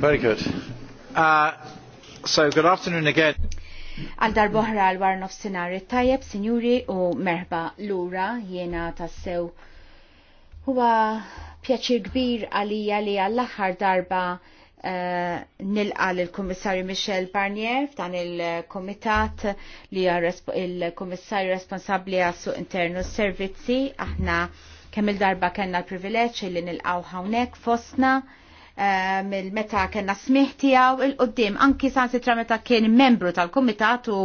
Very good. Uh, so, good afternoon again. Għal darboħra għal war senari tajjeb, sinjuri u merħba lura jena tassew. Huwa pjaċir kbir għalija li għall-aħħar darba Uh, nilqa l-Komissarju Michel Barnier f'dan il-Komitat li il-Komissarju responsabli għassu internu servizzi aħna kemm il-darba kena l privileċ li nilqaw hawnhekk fostna mill-meta ehm, kena smiħtijaw il-qoddim, anki san sitra meta kien membru tal-komitat u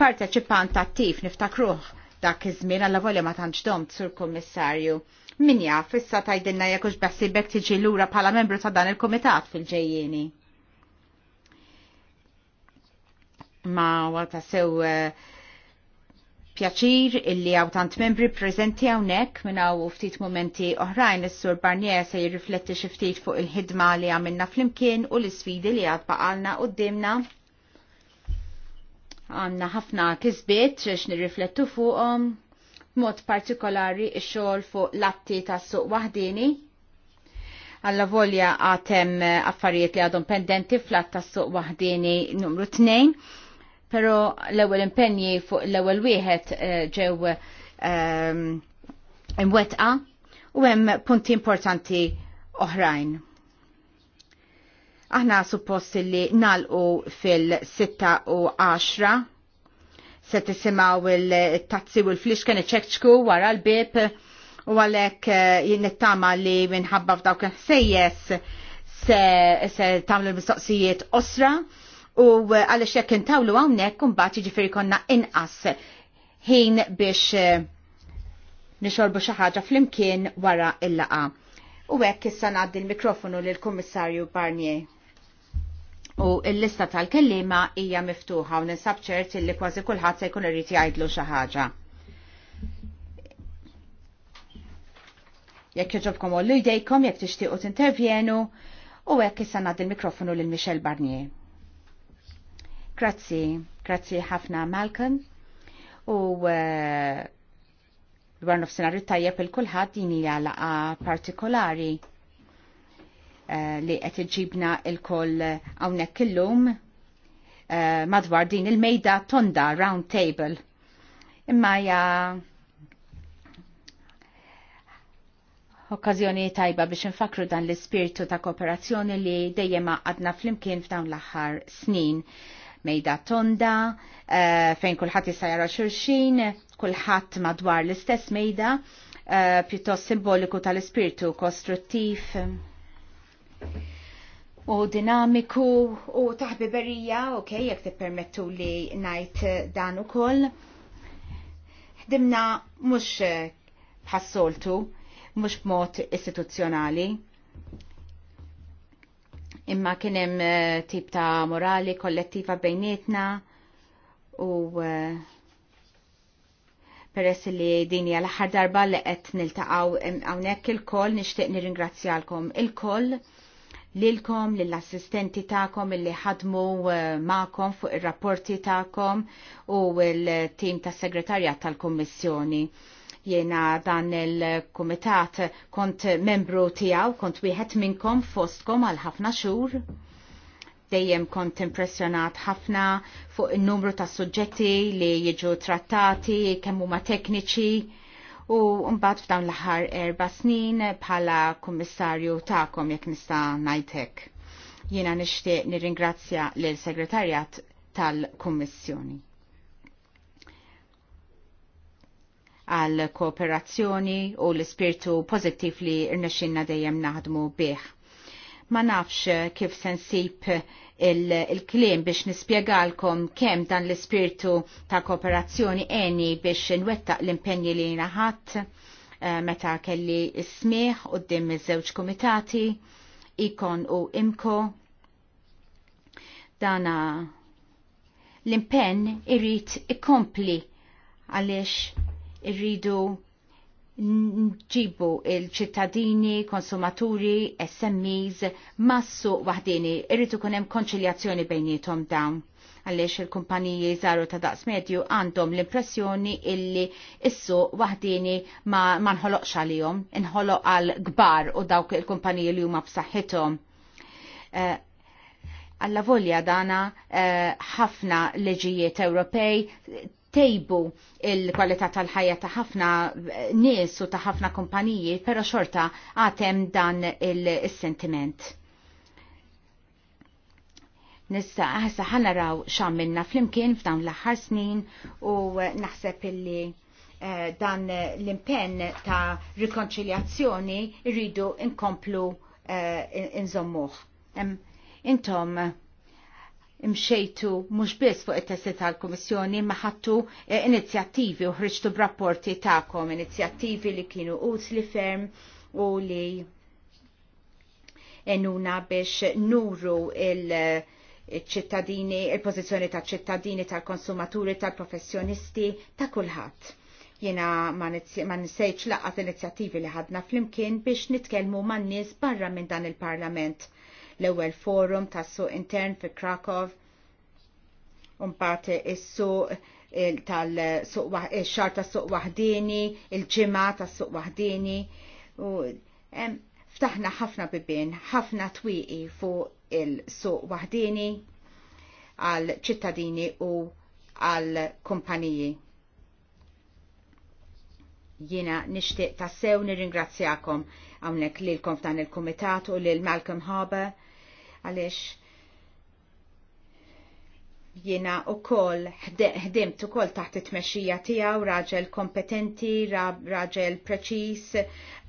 parteċipant attiv niftakruħ dak iż-żmien għalla volja ma tantx domt sur kommissarju. Min jaf, issa tajdinna jekux bessibek tiġi lura bħala membru ta' dan il-komitat fil-ġejjieni. Ma għata sew uh, pjaċir illi għaw tant membri prezenti għawnek minn għaw ftit momenti oħrajn l sur Barnier se jirrifletti xiftit fuq il-ħidma li għamilna fl-imkien u l-sfidi li għad baqalna u d-dimna. Għanna ħafna kizbiet xiex nirriflettu fuqom, mod partikolari xol fuq latti ta' suq wahdini. Għalla volja għatem affarijiet li għadhom pendenti fl-att ta' suq wahdini numru 2 pero l-ewwel impenji fuq l-ewwel wieħed eh, ġew ehm, imwetqa u hemm punti importanti oħrajn. Aħna suppost li nalqu fil-6 u 10 se tisimaw il-tazzi u l kene ċekċku wara l-bib u għalek eh, jinnittama li minħabba f'dawk il-ħsejjes se, se tamlu l-mistoqsijiet osra u eh, għaliex jekk intawlu hawnhekk imbagħad jiġifieri konna inqas ħin biex eh, nixorbu xi ħaġa flimkien wara il-laqa. U hekk issa ngħaddi l-mikrofonu lill-Kummissarju Barnier. U l-lista tal-kellima hija miftuħa u ninsab ċert li kważi kulħadd se jkun irid jgħidlu xi ħaġa. Jekk jogħġobkom ollu jdejkom jekk tixtiequ tintervjenu u hekk issa ngħaddi l-mikrofonu lil Michel Barnier. Grazzi, grazzi ħafna Malcolm u uh, dwar nofsinhar tajjeb il-kulħadd din hija laqa partikolari uh, li qed iġibna l koll hawnhekk illum uh, madwar din il-mejda tonda round table. Imma hija okkażjoni tajba biex nfakru dan l-ispirtu ta' kooperazzjoni li dejjem għadna flimkien f'dawn l-aħħar snin mejda tonda, uh, fejn kulħadd jista' jara xulxin, kulħadd madwar l-istess mejda, uh, pjuttost simboliku tal-ispirtu kostruttiv u dinamiku u taħbiberija, ok, jek tippermettu li najt dan ukoll. Ħdimna mhux ħassoltu, mhux b'mod istituzzjonali imma kienem eh, tip ta' morali kollettiva bejnietna u eh, peress li dini għal aħħar darba li qed niltaqgħu hawnhekk il-koll nixtieq nirringrazzjalkom il-koll lilkom lill-assistenti tagħkom illi ħadmu eh, magħkom fuq ir-rapporti tagħkom u l-tim tas-segretarjat tal-Kummissjoni. Jena dan il-komitat kont membru tijaw, kont wieħed minnkom fostkom għal ħafna xur. Dejjem kont impressjonat ħafna fuq il-numru ta' suġġetti li jiġu trattati, kemm huma tekniċi. U mbagħad f'dawn l-aħħar erba' snin bħala kummissarju tagħkom jekk nista' ngħidlek. Jiena nixtieq nirringrazzja lil segretarjat tal-Kummissjoni. għal kooperazzjoni u l-ispirtu pozittiv li rnexxinna dejjem naħdmu bih. Ma nafx kif sensib il-klim il biex nispiegalkom kem dan l-ispirtu ta' kooperazzjoni eni biex nwettaq l impenni li naħat eh, meta kelli ismiħ u d-dim iż-żewġ komitati, ikon u imko. Dana l-impenn irrit ikompli għalix irridu nġibu il-ċittadini, konsumaturi, SMEs, massu wahdini, irridu kunem konċiljazzjoni bejnietom dawn għaliex il-kumpaniji zaru ta' daqs medju għandhom l-impressjoni illi issu wahdini ma, ma nħoloqx għalihom, nħoloq għal gbar u dawk il-kumpaniji li huma b'saħħithom. Eh, għalla volja dana eh, ħafna leġijiet Ewropej tejbu il-kwalità tal-ħajja ta' ħafna eh, nies u ta' ħafna kumpaniji, pero xorta għatem dan il-sentiment. Nista' ħassa ħanaraw xammilna fl-imkien f'dawn l-aħħar snin u eh, naħseb illi eh, dan l-impenn ta' rikonċiljazzjoni irridu inkomplu inżommuħ. Intom, imxejtu mhux biss fuq it-testi tal-Kummissjoni ma ħattu eh, inizjattivi u ħriġtu b'rapporti tagħkom, inizjattivi li kienu utli ferm u li enuna biex nuru il- eh, ċittadini, il pozizjoni ta' ċittadini, tal-konsumaturi, tal-professjonisti, ta' kulħadd. Jena ma nsejċ laqqat inizjattivi li ħadna flimkien biex nitkelmu man nies barra minn dan il-parlament l-ewwel forum tas-suq intern fi Krakow un is-suq tal-xar tas-suq wahdini, il-ġimgħa tas-suq waħdini. Ftaħna ħafna bibien, ħafna twiqi fuq il-suq wahdini għal ċittadini u għal kumpaniji. Jiena nixtieq tassew nirringrazzjakom hawnhekk lilkom f'dan il komitat u lil Malcolm Harbour għalix jena u kol ħdimt u kol taħt it-tmexxija tiegħu raġel kompetenti, raġel preċis,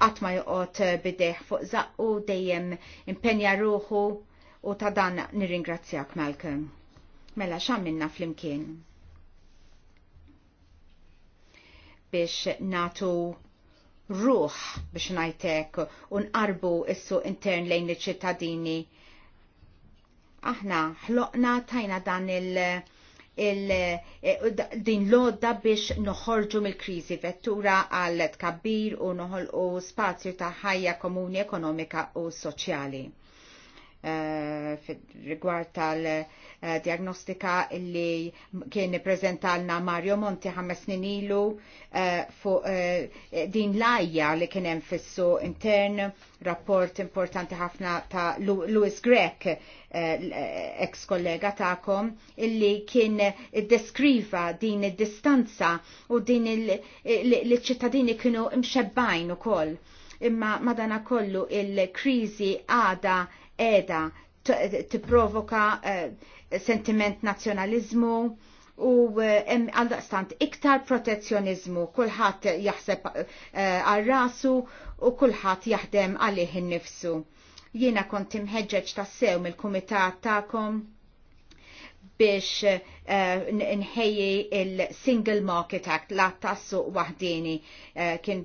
qatt ma joqgħod bideħ fuq zaqqu dejjem impenja ruħu u ta' dan nirringrazzjak Malcolm. Mela x'għamilna flimkien? biex natu ruħ biex najtek un arbu issu intern lejn iċ-ċittadini aħna ħloqna tajna dan il- il, din lodda biex noħorġu mill-krizi vettura għal tkabbir u noħolqu spazju ta' ħajja komuni ekonomika u soċjali. Eh, rigward tal-diagnostika li kien prezentalna Mario Monti ħames snin ilu eh, fuq eh, din lajja li kien hemm fissu intern rapport importanti ħafna ta' Louis Grek ex kollega ta'kom illi kien deskriva din id-distanza u din il-ċittadini kienu imxebbajn u koll imma madana kollu il-krizi għada edha tipprovoka eh, sentiment nazjonalizmu u eh, għaldaqstant iktar protezzjonizmu, kulħadd jaħseb eh, għal rasu u kulħadd jaħdem għalih innifsu. Jiena kont imħeġġeġ tassew mill-kumitat tagħkom biex uh, nħejji il-Single Market Act la tassu wahdini uh, kien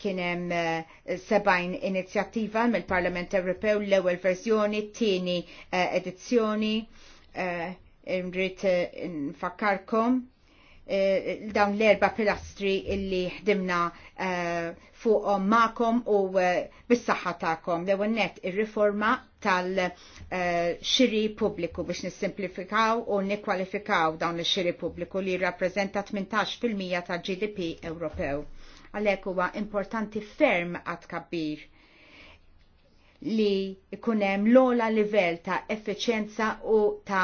kienem eh, seba'jn inizjattiva mill-Parlament Ewropew l-ewwel verżjoni, t-tieni eh, edizzjoni. Nrid eh, nfakkarkom dawn l-erba pilastri illi ħdimna fuqhom ma'kom u bis-saħħa tagħkom. L-ewwel net ir-riforma tal-xiri pubbliku biex nissimplifikaw u nikkwalifikaw dawn ix-xiri pubbliku li jirrappreżenta 18% tal-GDP Ewropew għalhekk huwa importanti ferm għad kabbir li ikunem l-ola livell ta' effiċjenza u ta'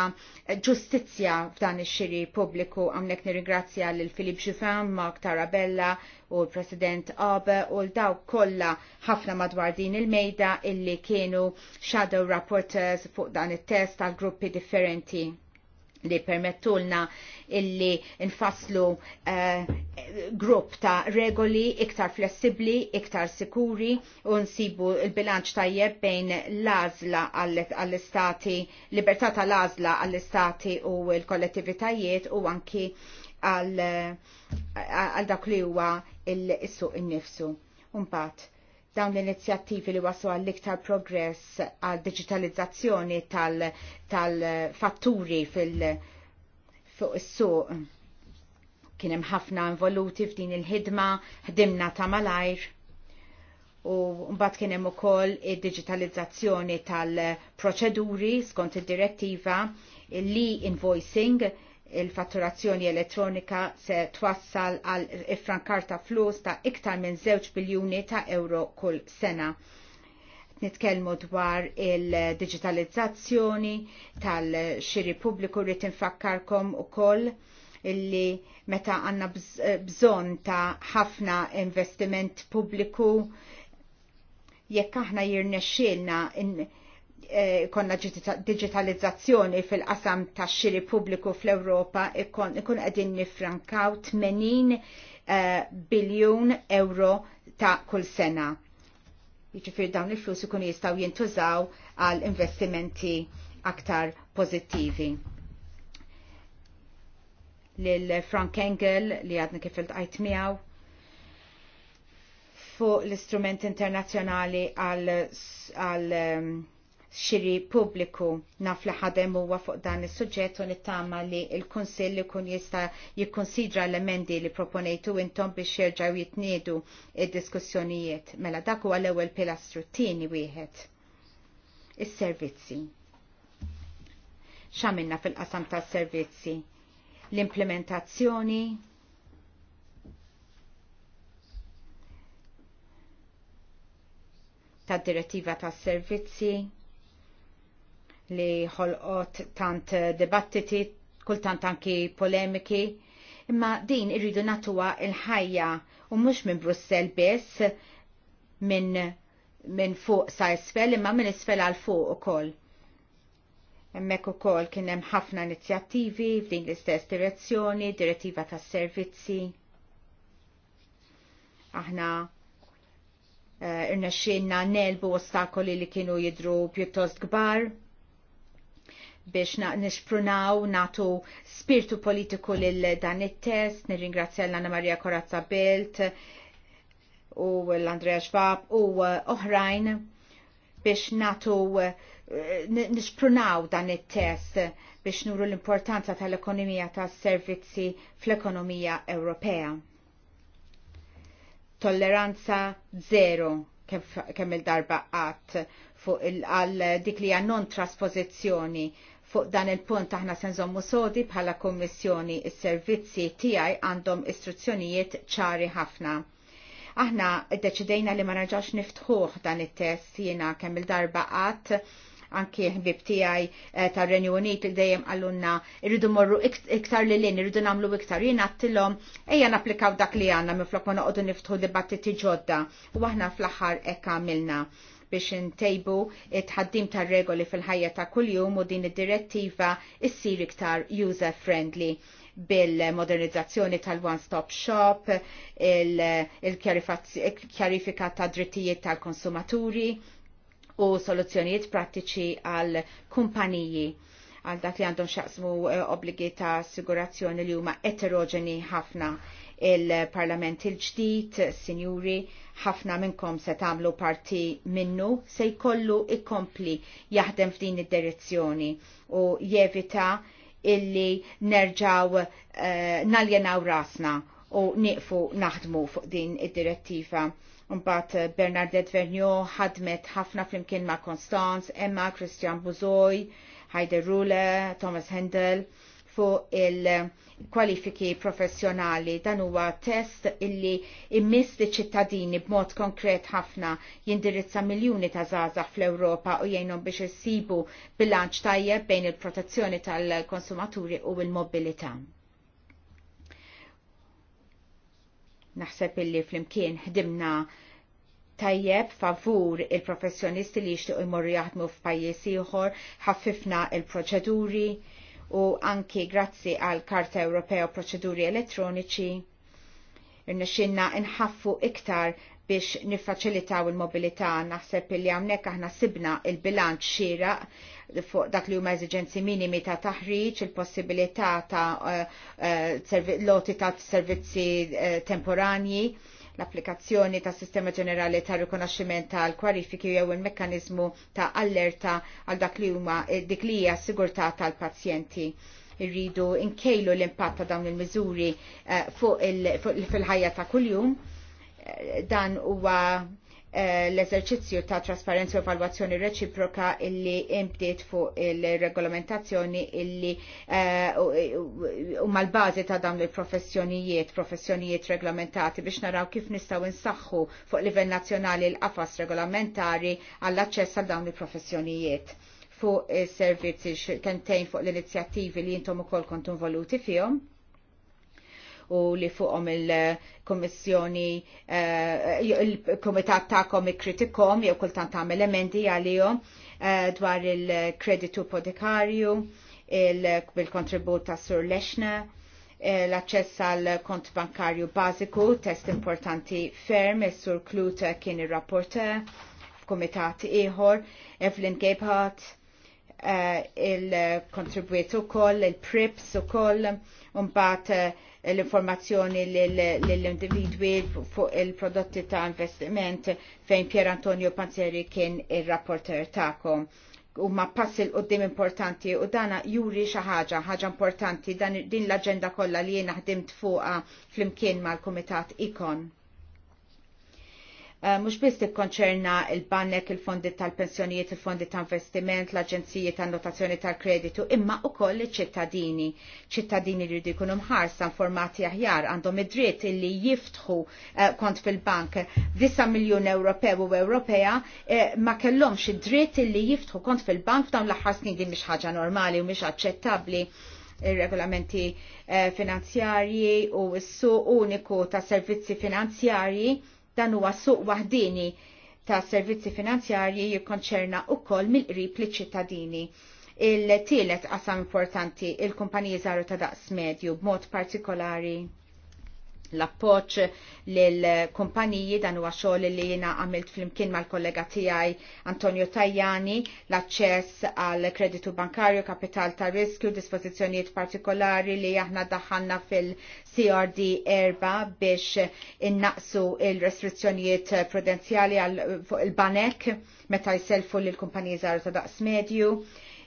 ġustizzja f'dan ix-xiri pubbliku għamlek nirringrazzja lil Filip Ġifan, Mark Tarabella u l-President Abe u l-daw kollha ħafna madwar din il-mejda illi kienu shadow rapporters fuq dan it-test tal gruppi differenti li permettulna illi nfasslu uh, grupp ta' regoli iktar flessibli, iktar sikuri u nsibu il-bilanċ tajjeb bejn l-azla għall-istati, libertà tal-azla għall-istati u l-kollettivitajiet u anki għal dak li huwa il-suq innifsu. Umbat, dawn l-inizjattivi li wasu għall-iktar progress għal digitalizzazzjoni tal-fatturi tal fil fuq is-suq. Kien hemm ħafna involuti f'din il-ħidma, ħdimna ta' malajr. U mbagħad kien hemm ukoll id-digitalizzazzjoni tal-proċeduri skont id-direttiva li invoicing il-fatturazzjoni elettronika se twassal għal ifrankar flus ta' iktar minn 2 biljuni ta' euro kull sena. Nitkellmu dwar il-digitalizzazzjoni tal-xiri pubbliku rrit infakkarkom u koll illi meta għanna bżon ta' ħafna investiment pubbliku jekk aħna jirnexxilna in Eh, konna digitalizzazzjoni fil-qasam ta' xiri pubbliku fl-Europa ikun qegħdin nifrankaw 80 eh, biljun euro ta' kull sena. Jiġifieri dawn il-flus ikun jistgħu jintużaw għal investimenti aktar pożittivi. Lil Frank Engel li għadna kif il-tqajt miegħu fuq l-istrument internazzjonali għal, għal ehm, xiri pubbliku naf li ħadem huwa fuq dan is-suġġett u nittama li l-Kunsill kun jista' jikkonsidra l-emendi li proponejtu intom biex jerġgħu jitniedu id-diskussjonijiet. Mela dak huwa l-ewwel pilastru tieni wieħed. Is-servizzi. X'għamilna fil-qasam tas-servizzi? L-implementazzjoni, ta' direttiva ta' servizzi li ħolqot tant dibattiti, kultant anki polemiki, imma din irridu natuwa il-ħajja u mhux minn Brussel biss minn min fuq sa isfel imma minn isfel għal fuq ukoll. Hemmhekk ukoll kien hemm ħafna inizjattivi f'din l-istess direzzjoni, direttiva tas-servizzi. Aħna uh, nelbu ostakoli li kienu jidru pjuttost kbar biex nixprunaw natu spirtu politiku lil dan it-test. Nirringrazzja l-Anna Maria Corazza Belt u l-Andrea Schwab u uh, oħrajn biex natu uh, nixprunaw dan it-test biex nuru l-importanza tal-ekonomija tas servizzi fl-ekonomija Ewropea. Tolleranza zero kemm il-darba għat fuq il-għal dik li non trasposizzjoni Fuq dan il-punt aħna se nżommu sodi bħala kommissjoni is-servizzi tiegħi għandhom istruzzjonijiet ċari ħafna. Aħna deċidejna li ma nerġax niftħuh dan it-test jiena kemm il-darba qatt anki ħbib tiegħi eh, tar renju Unit li dejjem għallunna irridu morru iktar li lin, irridu nagħmlu iktar. Jien għattilhom ejja napplikaw dak li għandna minflok ma noqogħdu niftħu dibattiti ġodda u aħna fl-aħħar hekk għamilna biex intejbu it-ħaddim ta' regoli fil-ħajja ta' kuljum u din id-direttiva issir iktar user-friendly bil-modernizzazzjoni tal-one-stop shop, il-kjarifika ta' drittijiet tal-konsumaturi u soluzzjonijiet prattiċi għal kumpaniji għal dak li għandhom xaqsmu eh, obbligi ta' assigurazzjoni li huma eterogeni ħafna il-Parlament il-ġdid, sinjuri, ħafna minnkom se tagħmlu parti minnu se jkollu ikkompli jaħdem f'din id-direzzjoni u jevita illi nerġaw uh, naljenaw rasna u niqfu naħdmu fuq din id-direttiva. Mbagħad eh, Bernardet Vernio ħadmet ħafna flimkien ma' Konstanz, Emma, Christian Buzoj, Heider Rule, Thomas Hendel fuq il-kwalifiki professjonali. Dan huwa test illi immiss li ċittadini b'mod konkret ħafna jindirizza miljuni ta' zazax fl-Ewropa u jgħinhom biex issibu bilanċ tajjeb bejn il-protezzjoni tal-konsumaturi u il-mobilità. Naħseb illi fl-imkien ħdimna tajjeb favur il-professjonisti li jixtiequ jmorru jaħdmu f'pajjiż ieħor, ħaffifna il-proċeduri, l il proċeduri u anki grazzi għal Karta Ewropea Proċeduri Elettroniċi irnexxinna nħaffu iktar biex niffaċilitaw il-mobilità naħseb li hawnhekk aħna sibna il-bilanċ xira fuq dak li huma eżiġenzi minimi ta' taħriġ, il-possibilità ta' eh, eh, loti ta' servizzi eh, temporanji l-applikazzjoni ta' sistema ġenerali ta' rikonoxximent tal-kwalifiki jew il-mekkanizmu ta' allerta għal dak li huma eh, dik li hija sigurtà tal-pazjenti irridu nkejlu l-impatt ta' dawn il-miżuri eh, fuq fil-ħajja ta' kuljum eh, dan huwa Eh, l-eżerċizzju ta' trasparenza u evalwazzjoni reċiproka illi imbdiet fuq il-regolamentazzjoni illi eh, u mal-bazi ta' dawn il-professjonijiet, professjonijiet reglamentati biex naraw kif nistaw insaxħu fuq livell nazzjonali l-qafas regolamentari għall-aċċess għal dawn il-professjonijiet fuq is-servizzi kentejn fuq l-inizjattivi li jintom ukoll kontu involuti fihom u li fuqhom il komissjoni eh, il-Kumitat tagħkom ikkritikom jew kultant tagħmel emendi għalihom eh, dwar il-kreditu podikarju il-kontribut ta' Sur Lexna eh, l-aċċess għal kont bankarju bażiku, test importanti ferm, is-Sur Kluta kien ir rapporta f'kumitat ieħor, Evelyn Gebhardt, il u ukoll, il-prips ukoll, mbagħad l-informazzjoni l-individwi fuq il-prodotti ta' investiment fejn Pier Antonio Panzeri kien il-rapporter ta'kom. U ma pass il-qoddim importanti u dana juri xaħġa, ħaġa importanti, dan din l-agenda kollha li jena ħdimt fuqa fl-imkien mal-Komitat Ikon Eh, mux biss tikkonċerna il-bannek, il-fondi tal-pensjonijiet, il-fondi ta' investiment, l-aġenziji tal notazzjoni tal-kreditu, imma u koll ċittadini. ċittadini li jkunu mħarsa informati aħjar għandhom id-dritt illi jiftħu eh, kont fil-bank. 9 miljon Ewropew u Ewropea eh, ma kellhomx id-dritt illi jiftħu kont fil-bank f'dawn l-aħħar snin din mhix ħaġa normali u mhix aċċettabbli ir-regolamenti finanzjarji u s-suq uniku ta' servizzi finanzjarji Dan huwa suq waħdini ta' servizzi finanzjarji jikkonċerna koll mill-qrib liċ ċittadini Il-tielet qasam importanti il-kumpaniji żaru ta' daqs medju b'mod partikolari l-appoċ l kumpaniji dan huwa xogħol li jiena għamilt flimkien mal-kollega tiegħi Antonio Tajjani, l-aċċess għal kreditu bankarju, kapital ta' riskju, dispożizzjonijiet partikolari li aħna daħanna fil-CRD erba biex innaqsu il-restrizzjonijiet prudenzjali għal fuq il-banek meta jselfu l-kumpaniji żgħar ta' daqs medju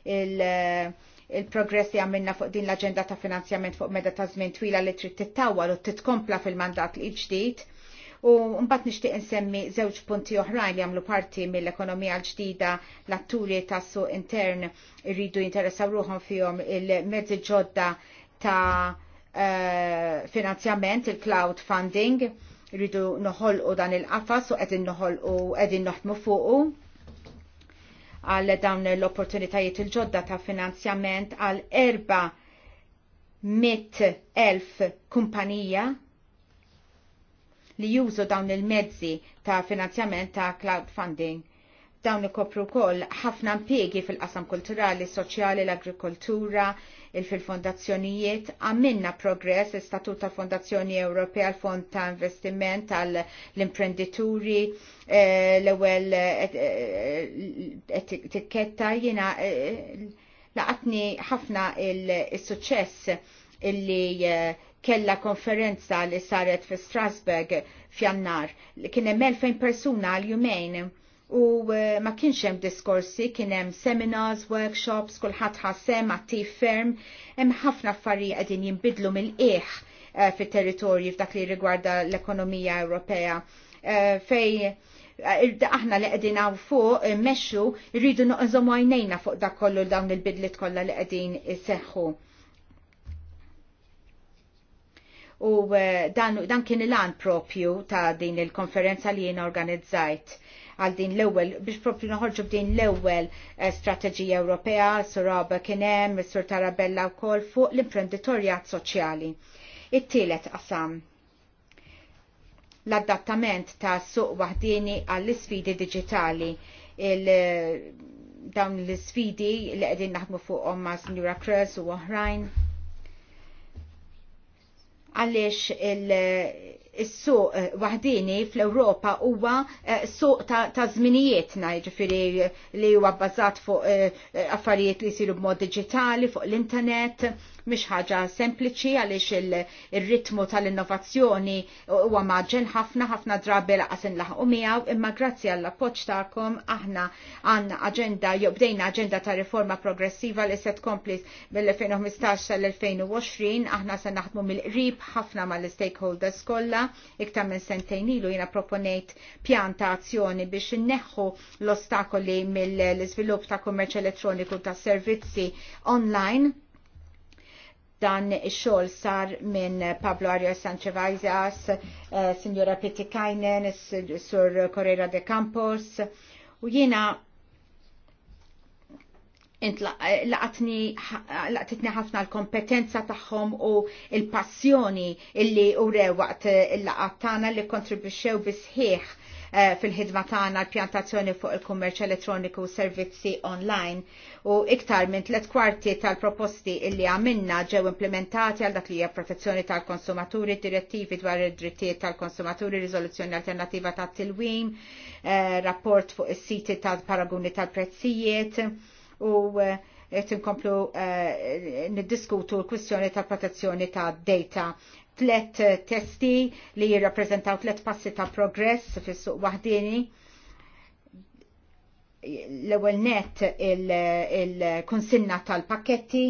il- il-progress li għamilna fuq din l-agenda ta' finanzjament fuq meda ta' żmien twila li trid tittawal u titkompla fil-mandat li ġdid. U mbagħad nixtieq insemmi żewġ punti oħrajn li jagħmlu parti mill-ekonomija l-ġdida l-atturi tas-suq intern irridu jinteressaw ruħhom fihom il-mezzi ġodda ta' eh, finanzjament, il-cloud funding, rridu noħolqu dan il-qafas u qegħdin noħolqu qegħdin noħdmu fuqu għal dawn l-opportunitajiet il-ġodda ta' finanzjament għal erba mit elf kumpanija li jużu dawn il-mezzi ta' finanzjament ta' crowdfunding dawn ikopru wkoll ħafna impjiegi fil-qasam kulturali, soċjali, l-agrikoltura, il-fil-fondazzjonijiet, għamilna progress il-statut tal fondazzjoni Ewropea, l-fond ta' investiment tal l-imprendituri, eh, l-ewel eh, eh, etiketta jina laqatni ħafna il suċċess illi kella konferenza li saret fi Strasbourg f'jannar kien hemm 2000 persuna għal jumejn u eh, ma kienx hemm diskorsi, kien hemm seminars, workshops, kulħadd ħassem attiv ferm, hemm ħafna affarijiet qegħdin jinbidlu mill-qiegħ eh, fit-territorji f'dak li rigwarda l-ekonomija Ewropea. Eh, fej aħna li qegħdin hawn fuq immexxu rridu noqżomu għajnejna fuq dak kollu dawn il-bidliet kollha li qegħdin iseħħu. U dan, dan kien il-għan propju ta' din il-konferenza li jien organizzajt għal din l-ewwel biex propri noħorġu b'din l-ewwel eh, strateġija Ewropea, Suraba kien hemm, Sur Tarabella wkoll fuq l-imprenditorjat soċjali. It-tielet qasam l-adattament ta' suq waħdini għall-isfidi digitali eh, dawn l-sfidi li qegħdin naħdmu fuqhom ma' Sinjura Cruz u oħrajn. Għaliex il- is-suq eh, waħdini fl-Ewropa huwa eh, suq ta' żminijietna, jiġifieri eh, li huwa bbażat fuq affarijiet li jsiru b'mod digitali, fuq l-internet, mhix ħaġa sempliċi għaliex ir-ritmu tal-innovazzjoni huwa maġen ħafna ħafna drabi laqas inlaħqu miegħu imma grazzi għall appoġġ tagħkom aħna għandna aġenda jew bdejna aġenda ta' riforma progressiva li se tkompli mill-2015 sal-2020 aħna se naħdmu mill-qrib ħafna mal-stakeholders kollha iktar minn sentejn ilu jiena proponejt pjan ta' azzjoni biex inneħħu l-ostakoli mill-iżvilupp ta' kummerċ elettroniku ta' servizzi online dan ix-xogħol sar minn Pablo Arias Sanchevaizas, eh, Signora Pitikainen, Sur Correra de Campos, u jiena laqtitni ħafna l-kompetenza tagħhom u l-passjoni illi urew waqt il-laqat tagħna li kontribwixxew bisħieħ Eh, fil-ħidma tagħna l-pjantazzjoni fuq il-kummerċ elettroniku u servizzi online u iktar minn tliet kwarti tal-proposti illi għamilna ġew implementati għal dak li hija protezzjoni tal-konsumaturi, direttivi dwar id-drittijiet tal-konsumaturi, riżoluzzjoni alternattiva tat-tilwim, eh, rapport fuq is-siti tal-paraguni tal-prezzijiet u eh, qed inkomplu uh, niddiskutu l-kwistjoni tal protezzjoni ta' data tlet eh, testi li jirrappreżentaw tlet passi ta' progress fis-suq wahdini. l-ewwel net il-konsinna il tal-pakketti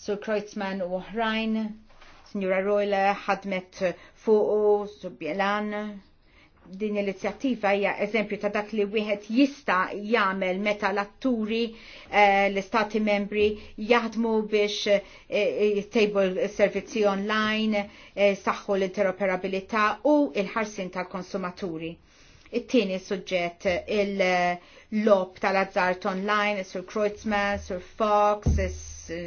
Sur Kreutzmann u oħrajn, Signora Royle ħadmet fuqu, Sur Bielan, din l-inizjattiva hija eżempju ta' dak li wieħed jista' jagħmel meta l-atturi eh, l-istati membri jaħdmu biex eh, table servizzi online, eh, saħħu l-interoperabilità u il-ħarsin tal-konsumaturi. It-tieni suġġett il-lob tal-azzart online, sur Kreuzmann, sur Fox,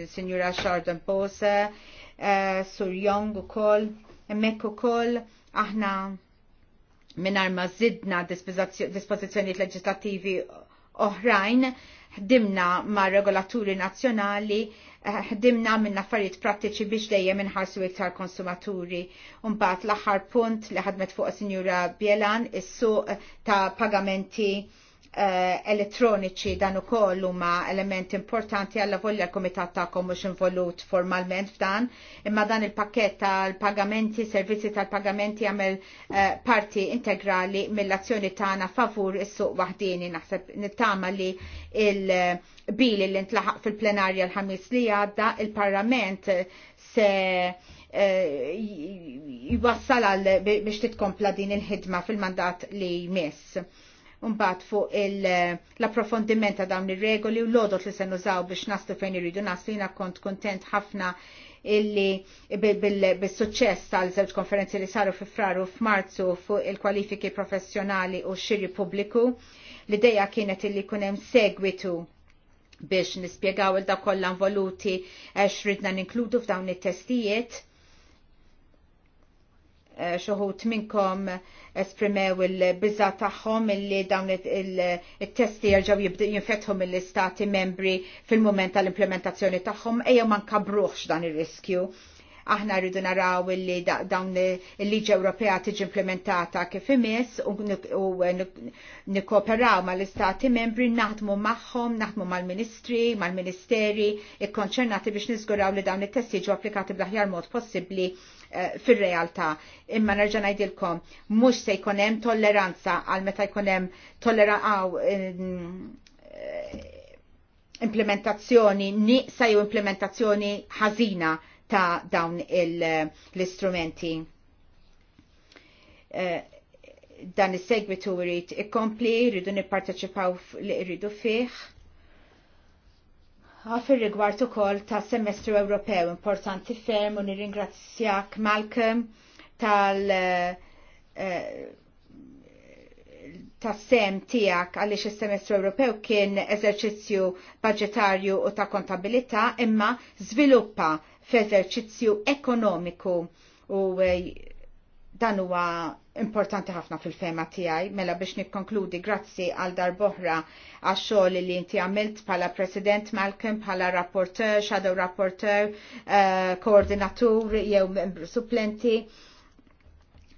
Signora Chardon Bose, sur Young u koll, emmek u koll, aħna minar ma zidna dispozizjoniet leġislativi oħrajn, ħdimna ma regolaturi nazzjonali, eh, ħdimna minn affarijiet prattiċi biex dejjem inħarsu iktar konsumaturi. Umbat l-aħħar punt li ħadmet fuq Sinjura Bielan, is-suq ta' pagamenti elettroniċi dan ukoll huma element importanti għalla volja l-komitat tagħkom mhux involut formalment f'dan, imma dan il-pakket tal-pagamenti, servizzi tal-pagamenti għamel parti integrali mill-azzjoni tagħna favur is-suq waħdini naħseb nittama li il-bil li ntlaħaq fil-plenarja l-ħamis li għadda il-parlament se jwassal għal biex titkompla din il-ħidma fil-mandat li jmiss Umbat fuq eh, l-approfondiment ta' dawn ir-regoli u l-odot li se nużaw biex naslu fejn iridu nastu jina kont kontent ħafna illi bil-suċċess tal-żewġ konferenzi li saru fi fraru f'Marzu fuq il-kwalifiki professjonali u xiri pubbliku. L-ideja kienet illi kunem segwitu biex nispiegaw il-da kollha involuti eh, x'ridna ninkludu f'dawn it-testijiet Eh, xoħut minnkom esprimew il-bizza taħħom illi dawn il-testi jarġaw jibdu jinfetħu mill-istati membri fil-moment tal-implementazzjoni taħħom eja man kabruħx dan il-riskju. Aħna rridu naraw li dawn il-liġi Ewropea tiġi implementata kif imiss u nikkooperaw mal-istati membri naħdmu magħhom, naħdmu mal-ministri, mal-ministeri, ikkonċernati biex niżguraw li dawn it testi ġu applikati bl-aħjar mod possibbli eh, fil-realtà. Imma nerġa' ngħidilkom, mhux se jkun hemm tolleranza għal meta jkun hemm tollera eh, implementazzjoni nieqsa jew implementazzjoni ħażina ta' dawn l-istrumenti. Eh, dan is-segwitu rrit ikkompli, rridu nipparteċipaw li rridu fih. Għafir ah, rigward ukoll ta' semestru Ewropew importanti ferm u nirringrazzjak Malcolm tal eh, ta' sem tijak għalix il-semestru Ewropew kien eżerċizzju budgetarju u ta' kontabilità imma zviluppa f'eżerċizzju ekonomiku u e, dan huwa importanti ħafna fil-fema tiegħi. Mela biex nikkonkludi grazzi għal darboħra għax xogħol li inti għamilt bħala President Malcolm, bħala rapporteur, shadow rapporteur, uh, koordinatur jew membru supplenti.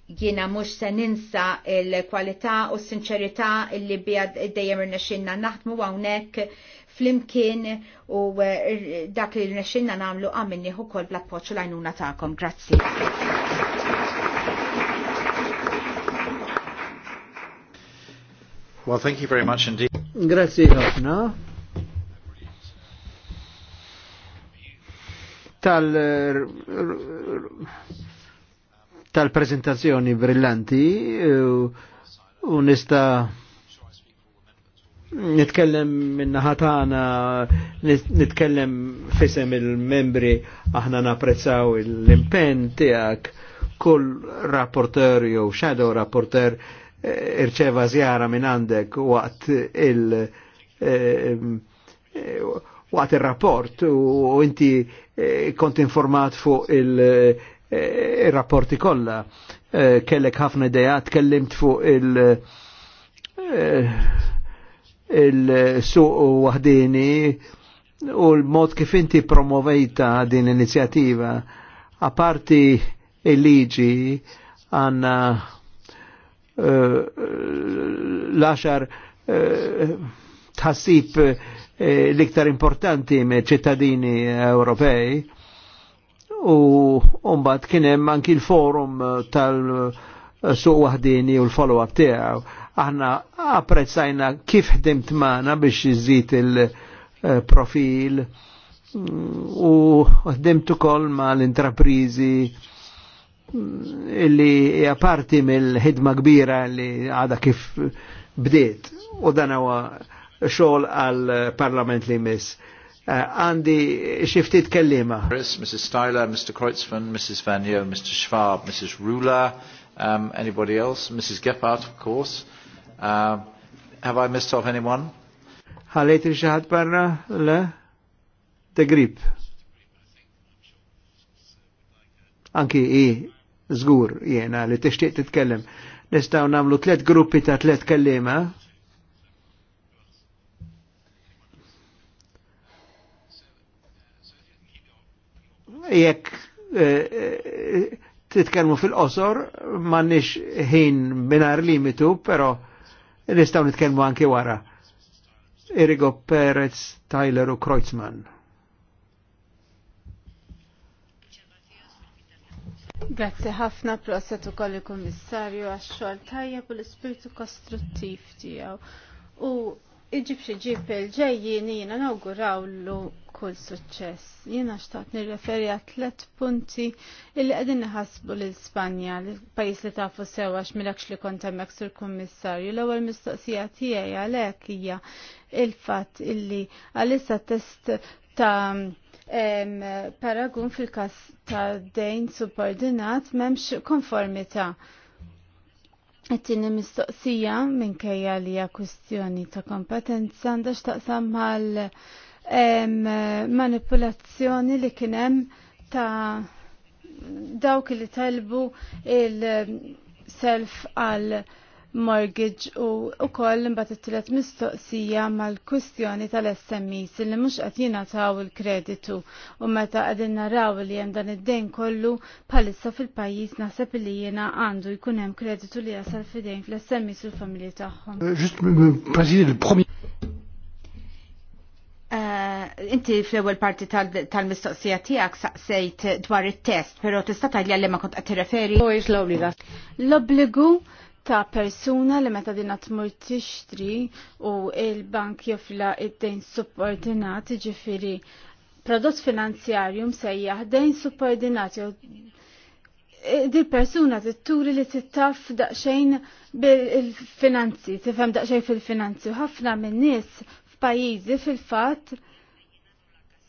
Jiena mhux se ninsa il-kwalità u s-sinċerità illi bija dejjem irnexxinna naħdmu hawnhekk flimkien u eh, dak li rnexxinna nagħmlu għamilni ukoll bl-appoġġ u lajnuna ta'kom. Grazie. Well, thank you very much indeed. Grazie ħafna. Tal tal-prezentazzjoni brillanti eh, u nista' nitkellem minna ħatana, nitkellem fisem il-membri, aħna naprezzaw l-impen tijak, kull rapporter jew shadow rapporter eh, irċeva zjara minn għandek waqt il- eh, waqt il-rapport u inti eh, kont informat fuq il-rapporti kollha kellek ħafna idejat, kellimt fuq il- il-suq wahdini u l-mod kif inti promovejta din l-inizjativa, a parti il-liġi għanna uh, l-axar uh, tħassib uh, l-iktar importanti me ċittadini Ewropej u Umbat kien hemm anki l-forum tal-suq Wahdini u l-follow-up tijaw. Aħna apprezzajna kif ħdimt maħna biex jizzit il-profil u ħdimt ukoll ma l-intraprizi illi hija parti mill-ħidma kbira li għada kif bdiet u dan huwa xogħol għal parlament li miss għandi uh, xiftit kellima. Chris, Mrs. Styler, Mr. Kreutzmann, Mrs. Vanier, Mr. Schwab, Mrs. Ruler, um, anybody else? Mrs. Gephardt, of course. Uh, have I missed off anyone? Ħalejt il-xaħat barra le de grip. Anki i zgur jena li tixtieq titkellem. Nistaw namlu tlet gruppi ta' tlet kellima. Jekk eh, eh, titkellmu fil-qosor m'għandniex ħin binar limitu, però Nistaw nitkellmu anki wara. Irigo Perez, Tyler u Kreutzmann. Grazie ħafna proset tu kolli kommissarju għax-xogħol tajjeb u l-ispirtu kostruttiv tiegħu. U iġib xi ġib ġejjini ġejjin jiena nawgurawlu kull suċċess. Jiena xtaqt nirreferi għat tlet punti illi qegħdin naħasbu l Spanja, l-pajjiż li tafu sewa x'milekx li kont hemmhekk sur kummissarju. L-ewwel mistoqsija tiegħi għalhekk hija il-fatt illi għalissa test ta' em, paragun fil-kas ta' dejn subordinat memx konformita. Għettini mistoqsija minkejja li hija kwistjoni ta' kompetenza għandax ta' mal manipulazzjoni li kienem ta' dawk li talbu il-self għal mortgage u ukoll imbagħad it-tielet mistoqsija mal-kwistjoni tal-SMEs li mhux qed jingħataw il-kreditu u meta qegħdin naraw li hemm dan id-dejn kollu bħalissa fil-pajjiż naħseb li jiena għandu jkun hemm kreditu li jasal fidejn fl-SMEs u l-familji tagħhom. Euh, euh, Eh, inti fl-ewwel parti tal-mistoqsija tiegħek saqsejt dwar it-test, però tista' tgħidli għalli ma kont qed tirreferi. Mhuwiex l obliga l obligu ta' persuna li meta din tmur tixtri u il-bank jofla id-dejn subordinat, ġifiri prodott finanzjarju msejjaħ dejn subordinat jew dil persuna titturi li tittaf daqsxejn bil-finanzi, tifhem daqsxejn fil-finanzi u ħafna minn nies f'pajjiżi fil-fatt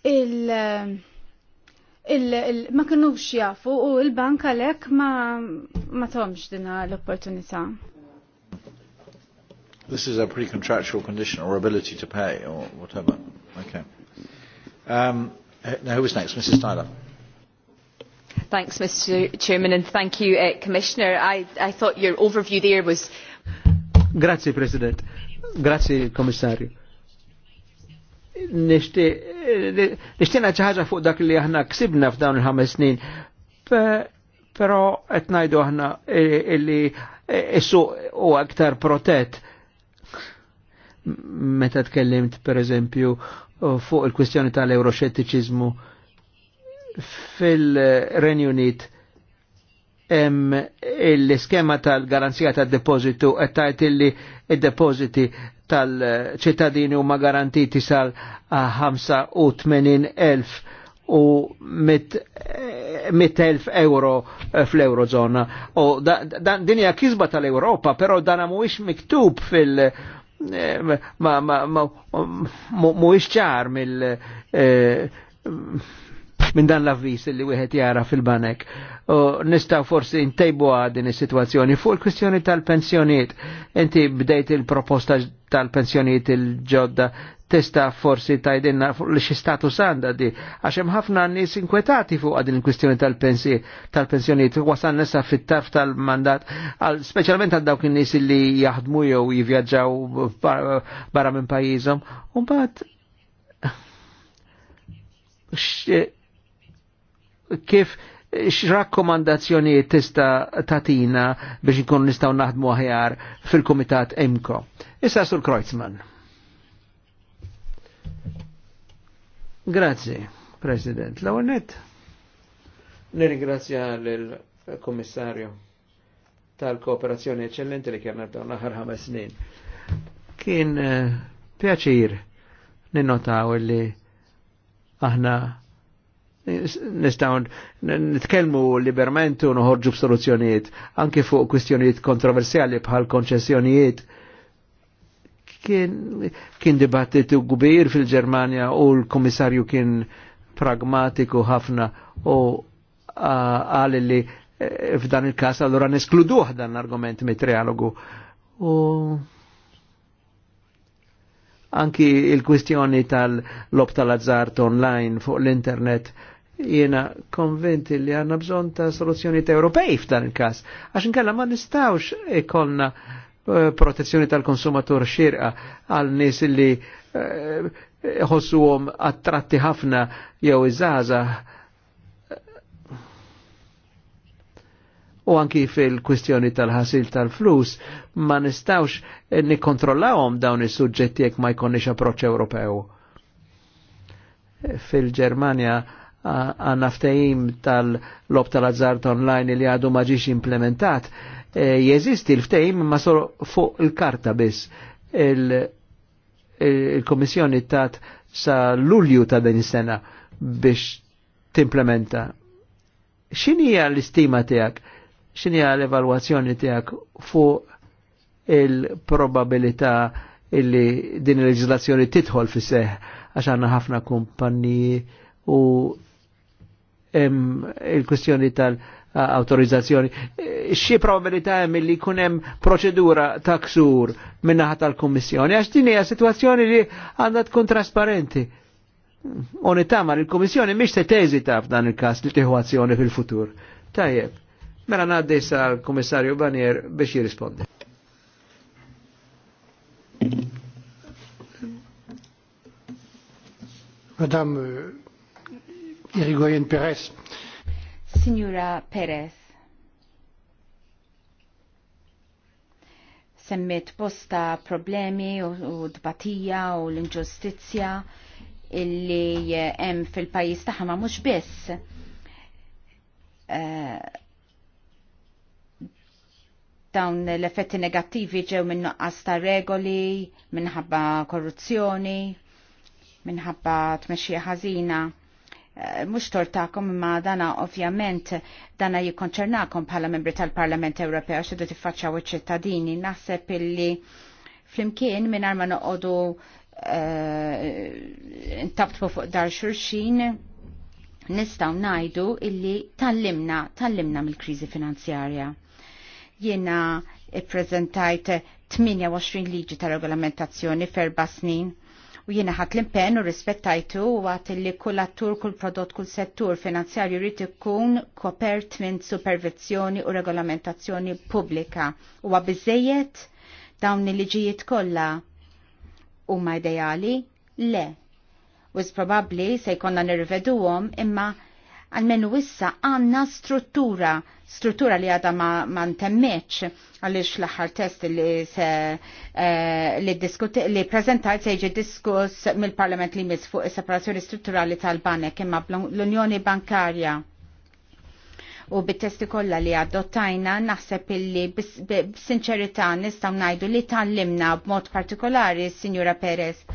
il- il il ma kinux jafu u il-bank għalhekk ma ma tomx dina l-opportunità. This is a pre-contractual condition or ability to pay or whatever. Okay. Um, now who is next? Mrs. Tyler. Thanks, Mr. Chairman, and thank you, uh, Commissioner. I, I thought your overview there was. Grazie, President. Grazie, Commissario nishtina ċaħġa fuq dak li aħna ksibna f'dawn il-ħames snin, pero qed ngħidu aħna illi issu u aktar protett. Meta tkellimt pereżempju fuq il-kwistjoni tal-euroxettiċiżmu fil-Renju Unit l-iskema tal-garanzija tal-depozitu għattajt illi il-depoziti tal-ċittadini huma garantiti sal 85,000 u 100.000 euro eh, fl-eurozona. U din hija kisba tal-Europa, però dan mhuwiex miktub fil- eh, ma mhuwiex ċar mill- eh, minn dan l-avvis li wieħed jara fil-banek. Nistaw forsi ntejbu din is-sitwazzjoni. Fuq il-kwistjoni tal-pensjoniet, inti bdejt il-proposta tal-pensjoniet il-ġodda testa forsi tajdinna li xi status għandha di għax hemm ħafna nies inkwetati fuq din il-kwistjoni tal-pensjoniet wasan nesa fit-tarf tal-mandat speċjalment għal dawk in-nies li jaħdmu jew jivvjaġġaw barra minn pajjiżhom u mbagħad kif x-rakkomandazzjoniet tista tatina biex nkun nistaw naħdmu aħjar fil-Komitat Emko. Issa sur Kreuzmann. Grazie, President. l nirringrazzja l-Komissarju tal-kooperazzjoni eccellenti li kien dawn naħar ħames snin. Kien eh, pjaċir ninnotaw li aħna nistaw nitkelmu liberment u noħorġu b'soluzzjonijiet anke fuq kwistjonijiet kontroversjali bħal konċessjonijiet kien, kien dibattitu kbir fil ġermanja u l-komissarju kien pragmatiku ħafna u għal li e, f'dan il-kas allura neskluduh dan l-argument mit-trialogu. U anki il-kwistjoni tal-lob tal-azzart online fuq l-internet Jena konvinti li għanna bżon ta' soluzzjoni ta' Ewropej f'dan il-kas, għax nkella ma nistawx ikonna eh, protezzjoni tal-konsumatur xirqa għal nis li eh, ħossu għom attratti ħafna jew iżaza u anki fil-kwistjoni tal-ħasil tal-flus ma nistawx eh, nikkontrollawhom dawn is-suġġetti jekk ma jkunniex approċċ Ewropew. Fil-Ġermanja għanna ftehim tal-lob tal-azzart online li għadu maġiġ implementat, e, jeżisti l-ftehim ma sor fuq il-karta biss. Il-Komissjoni tat sa lulju ta' din is-sena biex timplementa. X'inhija l-istima tiegħek? X'inhija l-evalwazzjoni tiegħek fuq il-probabilità illi din il-leġislazzjoni titħol fi seħ għax għandna ħafna kumpanniji u il-kwestjoni tal-autorizzazzjoni. Xie probabilità hemm li kunem proċedura ta' ksur minnaħa tal-Kummissjoni għax din hija situazzjoni li għandha tkun trasparenti. Onità ma il-Kummissjoni mhix se ta' f'dan il kas li tieħu azzjoni fil-futur. Tajjeb. Mela ngħaddi sal-Kummissarju Banier biex jirrispondi. Madame, Irigoyen Perez. Signora Perez. Semmet posta problemi u dbatija u l-inġustizja illi eh, hemm fil-pajjiż tagħha ma mhux biss. Eh, dawn l-effetti negattivi ġew minn nuqqas ta' regoli, minħabba korruzzjoni, minħabba tmexxija ħażina Eh, mux tortakom imma dana ovvjament dana jikonċernakom bħala membri tal-Parlament Ewropew xedu tiffaċċaw iċ-ċittadini naħseb illi flimkien minn ma noqogħdu eh, ntabtbu fuq dar xurxin nistgħu ngħidu illi tallimna tallimna mill-kriżi finanzjarja. Jiena ippreżentajt 28 liġi ta' regolamentazzjoni f'erba' snin u jiena ħadd l-impenn u rispettajtu waqt għat li kull attur, kull prodott, kull settur finanzjarju jrid ikun kopert minn supervizjoni u regolamentazzjoni pubblika. Huwa biżejjed dawn il-liġijiet kollha huma ideali? Le. Wis probabbli se jkollna nirveduhom imma għalmenu issa għanna struttura, struttura li għada ma, ma ntemmeċ għalix l-axar test li se eh, li, li prezentajt se jġi diskus mill-parlament li mis fuq separazzjoni strutturali tal-banek imma l-Unjoni Bankarja u bit-testi kollha li adottajna naħseb illi b'sinċerità nistgħu ngħidu li tallimna b'mod partikolari Signora Perez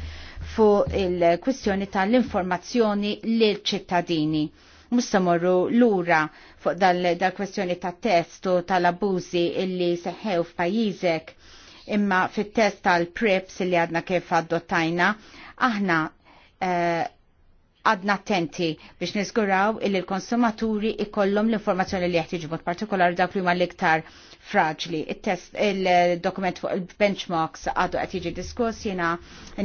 fuq il-kwistjoni tal-informazzjoni l ċittadini mustamorru l lura fuq dal-kwestjoni ta' testu tal abuzi illi seħħew f'pajjiżek imma fit-test tal-preps illi għadna kif adottajna aħna eh, għadna attenti biex nizguraw illi l-konsumaturi ikollhom l-informazzjoni li jeħtieġu mod partikolari dak li huma l-iktar fraġli. Il-test, il-dokument fuq il-benchmarks għadu għet jiġi diskuss jena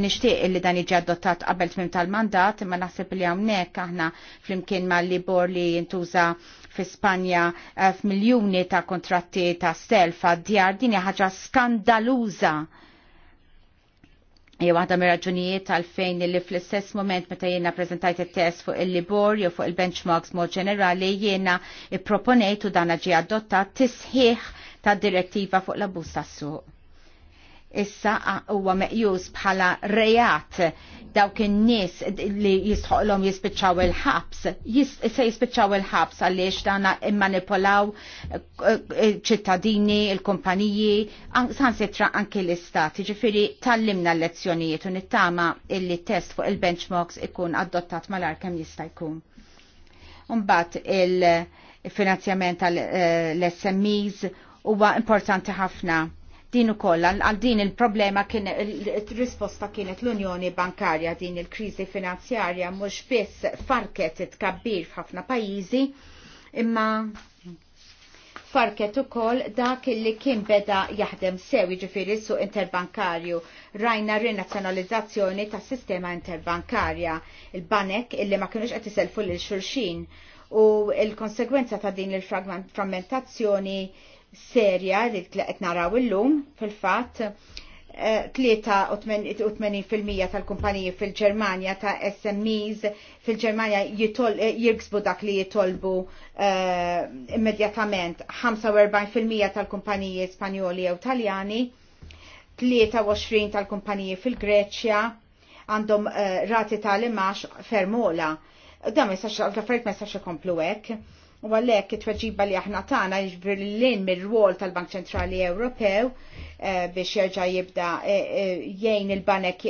nishtiq li dan iġi adottat qabel tmim tal-mandat, imma naħseb li għamnek aħna fl-imkien ma libor li jintuża fi Spanja eh, f'miljuni ta' kontratti ta' stelfa djar din ħaġa skandaluza Je waħda mir-raġunijiet għalfejn li fl-istess moment meta jiena preżentajt it-test fuq il-libor jew fuq il-benchmarks mod ġenerali jiena ipproponejt u dan ġie adottat tisħiħ tad direttiva fuq l-abbuż tas-suq issa huwa meqjus bħala rejat dawk in-nies li jistħoqlhom jispiċċaw il-ħabs, se jispiċċaw il-ħabs għaliex dana immanipolaw eh, eh, ċittadini, il-kumpaniji, sitra anki l-istat. Ġifieri tallimna l-lezzjonijiet u nittama illi test fuq il-benchmarks ikun adottat malar kemm jista' jkun. Mbagħad il-finanzjament tal-SMEs eh, huwa importanti ħafna Din ukoll għal din il-problema kien il-risposta kienet l-Unjoni Bankarja din il-kriżi finanzjarja mhux biss farket tkabbir f'ħafna pajjiżi imma farket ukoll dak li kien beda jaħdem sew jiġifieri suq interbankarju rajna rinazzjonalizzazzjoni tas sistema interbankarja il-banek illi ma kienux qed iselfu lil xulxin u l konsegwenza ta' din il-frammentazzjoni serja li qed naraw illum fil-fatt 83% eh, tal-kumpaniji fil-Ġermanja ta' SMEs fil-Ġermanja jirgsbu eh, dak li jitolbu eh, immedjatament 45% tal-kumpaniji Spanjoli u Taljani 23 tal-kumpaniji fil-Greċja għandhom rati tal-imax fermola. Dan ma jistax, l ma jistax ikomplu hekk U għalhekk it-tweġiba li aħna tagħna l lin mir-rwol tal-Bank Ċentrali Ewropew eh, biex jerġa' jibda eh, eh, jgħin il-banek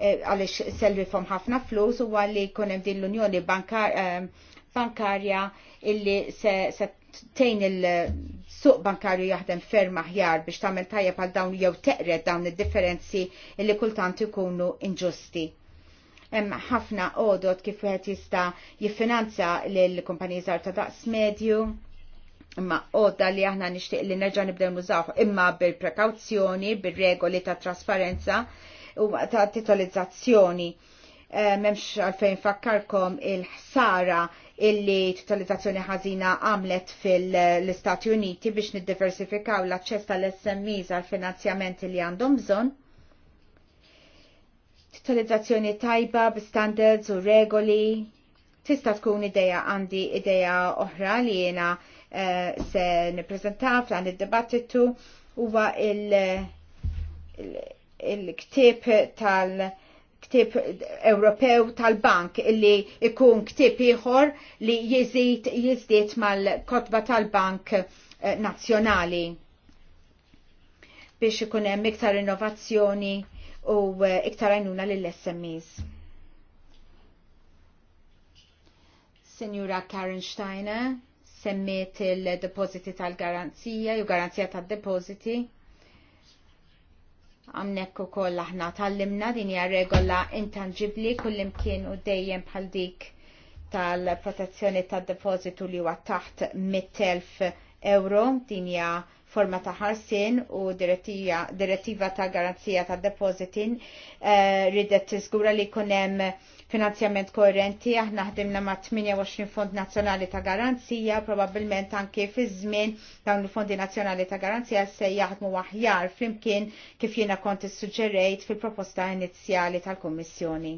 għaliex fom ħafna flus u għalli jkun hemm din l-Unjoni Bankarja illi se tejn il-suq bankarju jaħdem ferm aħjar biex tagħmel tajjeb għal dawn jew teqret dawn id-differenzi illi kultant ikunu inġusti hemm ħafna għodot kif wieħed jista' jiffinanza lil kumpaniji żgħar ta' daqs medju imma għodda li aħna nixtieq li nerġa' nibdew nużaw imma bil-prekawzjoni, bir-regoli ta' trasparenza u ta' titolizzazzjoni. Eh, memx għalfejn fakkarkom il-ħsara illi titolizzazzjoni ħażina għamlet fil-Istati Uniti biex niddiversifikaw l-aċċess tal-SMEs għal finanzjamenti li għandhom bżonn titolizzazzjoni tajba b'standards u regoli. Tista' tkun ideja għandi ideja oħra li jiena eh, se nippreżentaw f'dan id-dibattitu huwa il-ktieb tal- ktib Ewropew tal-bank illi ikun ktib ieħor li jiżid jiżdied mal-kotba tal-bank eh, nazzjonali biex ikun hemm iktar innovazzjoni u eh, iktar għajnuna lill-SMEs. Senjura Karen Steiner semmiet il-depositi tal-garanzija, ju garanzija tal-depositi. Għamnek u koll aħna tal-limna din hija regola intangibli kullimkien u dejjem bħal dik tal-protezzjoni tad-depositu li huwa taħt 100.000 euro dinja forma ta' ħarsin u direttiva ta' garanzija ta' depositin uh, ridet tiżgura li kunem finanzjament koerenti, aħna ħdimna ma' 28 fond nazzjonali ta' garanzija, probabilment anke fi żmien dawn il-fondi nazzjonali ta' garanzija se jaħdmu aħjar flimkien kif jiena konti suġġerejt fil-proposta inizjali tal-Kummissjoni.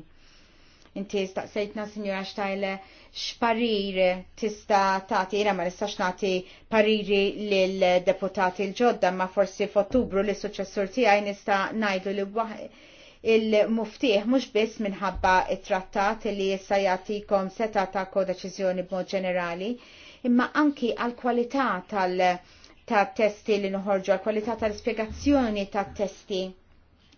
Inti staqsejtna, Signora Xtajle x'parir tista' tagħti jiena ma nistax nagħti pariri l deputati l-ġodda, ma forsi f'Ottubru li suċessur tiegħi nista' ngħidu li il-muftiħ mhux biss minħabba it-trattat li issa jagħtikom seta ta' kodeċiżjoni b'mod ġenerali, imma anki għal kwalità tal- testi li nħorġu, għal kwalità tal-spiegazzjoni tal testi